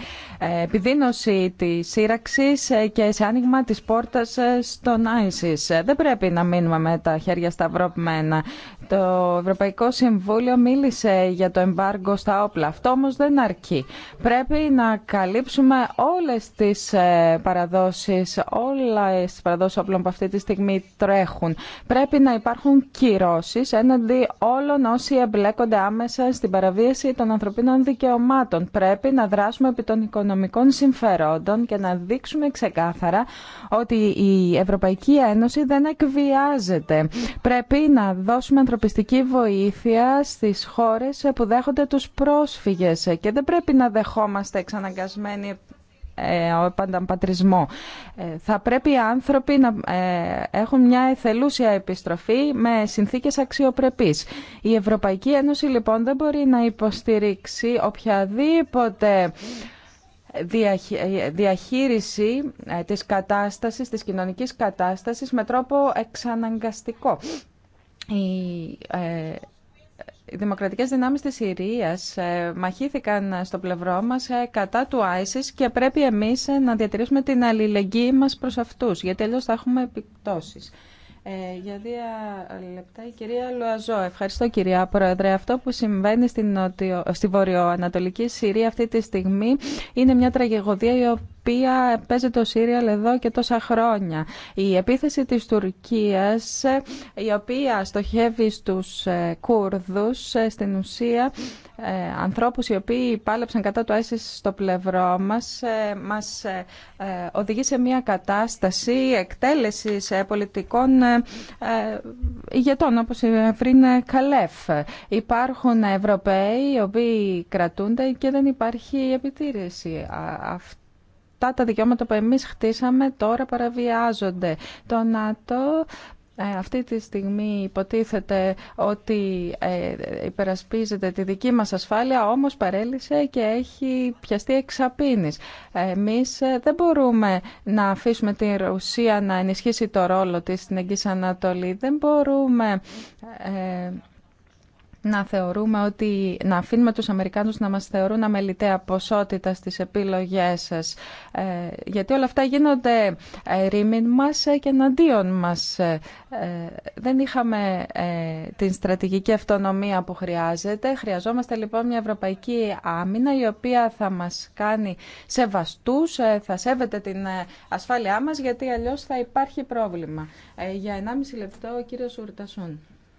επιδείνωση της σύραξης και σε άνοιγμα της πόρτας στον ISIS. Δεν πρέπει να μείνουμε με τα χέρια σταυρωμένα. Το Ευρωπαϊκό Συμβούλιο μίλησε για το εμπάργκο στα όπλα. Αυτό όμως δεν αρκεί. Πρέπει να καλύψουμε όλες τις ε, παραδόσεις, όλα τις παραδόσεις όπλων που αυτή τη στιγμή τρέχουν. Πρέπει να υπάρχουν κυρώσεις έναντι όλων όσοι εμπλέκονται άμεσα στην παραβίαση των ανθρωπίνων δικαιωμάτων. Πρέπει να δράσουμε επί των οικονομικών συμφερόντων και να δείξουμε ξεκάθαρα ότι η Ευρωπαϊκή Ένωση δεν εκβιάζεται. Πρέπει να δώσουμε ανθρωπίνων ανθρωπιστική βοήθεια στις χώρες που δέχονται τους πρόσφυγες και δεν πρέπει να δεχόμαστε εξαναγκασμένοι ε, ο επανταμπατρισμό. Ε, θα πρέπει οι άνθρωποι να ε, έχουν μια εθελούσια επιστροφή με συνθήκες αξιοπρεπής. Η Ευρωπαϊκή Ένωση λοιπόν δεν μπορεί να υποστηρίξει οποιαδήποτε διαχείριση της κατάστασης, της κοινωνικής κατάστασης με τρόπο εξαναγκαστικό οι ε, οι δημοκρατικές δυνάμεις της Συρίας ε, μαχήθηκαν στο πλευρό μας ε, κατά του ISIS και πρέπει εμείς να διατηρήσουμε την αλληλεγγύη μας προς αυτούς, γιατί αλλιώς θα έχουμε επιπτώσεις. Ε, για δύο λεπτά η κυρία Λουαζό. Ευχαριστώ κυρία Πρόεδρε. Αυτό που συμβαίνει στην νοτιο... στη βορειοανατολική Συρία αυτή τη στιγμή είναι μια τραγεγωδία οποία παίζεται το Σύριαλ εδώ και τόσα χρόνια. Η επίθεση της Τουρκίας, η οποία στοχεύει στους ε, Κούρδους, ε, στην ουσία ε, ανθρώπους οι οποίοι πάλεψαν κατά του ISIS στο πλευρό μας, μας οδηγεί σε μια κατάσταση εκτέλεσης πολιτικών ηγετών, όπως πριν Καλέφ. Υπάρχουν Ευρωπαίοι οι οποίοι κρατούνται και δεν υπάρχει επιτήρηση. αυτή αυτά τα δικαιώματα που εμείς χτίσαμε τώρα παραβιάζονται. Το ΝΑΤΟ ε, αυτή τη στιγμή υποτίθεται ότι ε, υπερασπίζεται τη δική μας ασφάλεια, όμως παρέλυσε και έχει πιαστεί εξαπίνης. Εμείς ε, δεν μπορούμε να αφήσουμε την Ρωσία να ενισχύσει το ρόλο της στην Αγγίσσα Ανατολή. Δεν μπορούμε να θεωρούμε ότι να αφήνουμε τους Αμερικάνους να μας θεωρούν αμεληταία ποσότητα στις επιλογές σας. Ε, γιατί όλα αυτά γίνονται ε, ρήμιν μας ε, και εναντίον μας. δεν είχαμε την στρατηγική αυτονομία που χρειάζεται. Χρειαζόμαστε λοιπόν μια ευρωπαϊκή άμυνα η οποία θα μας κάνει σεβαστούς, θα σέβεται την ασφάλειά μας γιατί αλλιώς θα υπάρχει πρόβλημα. για 1,5 λεπτό ο κύριος Ουρτασούν.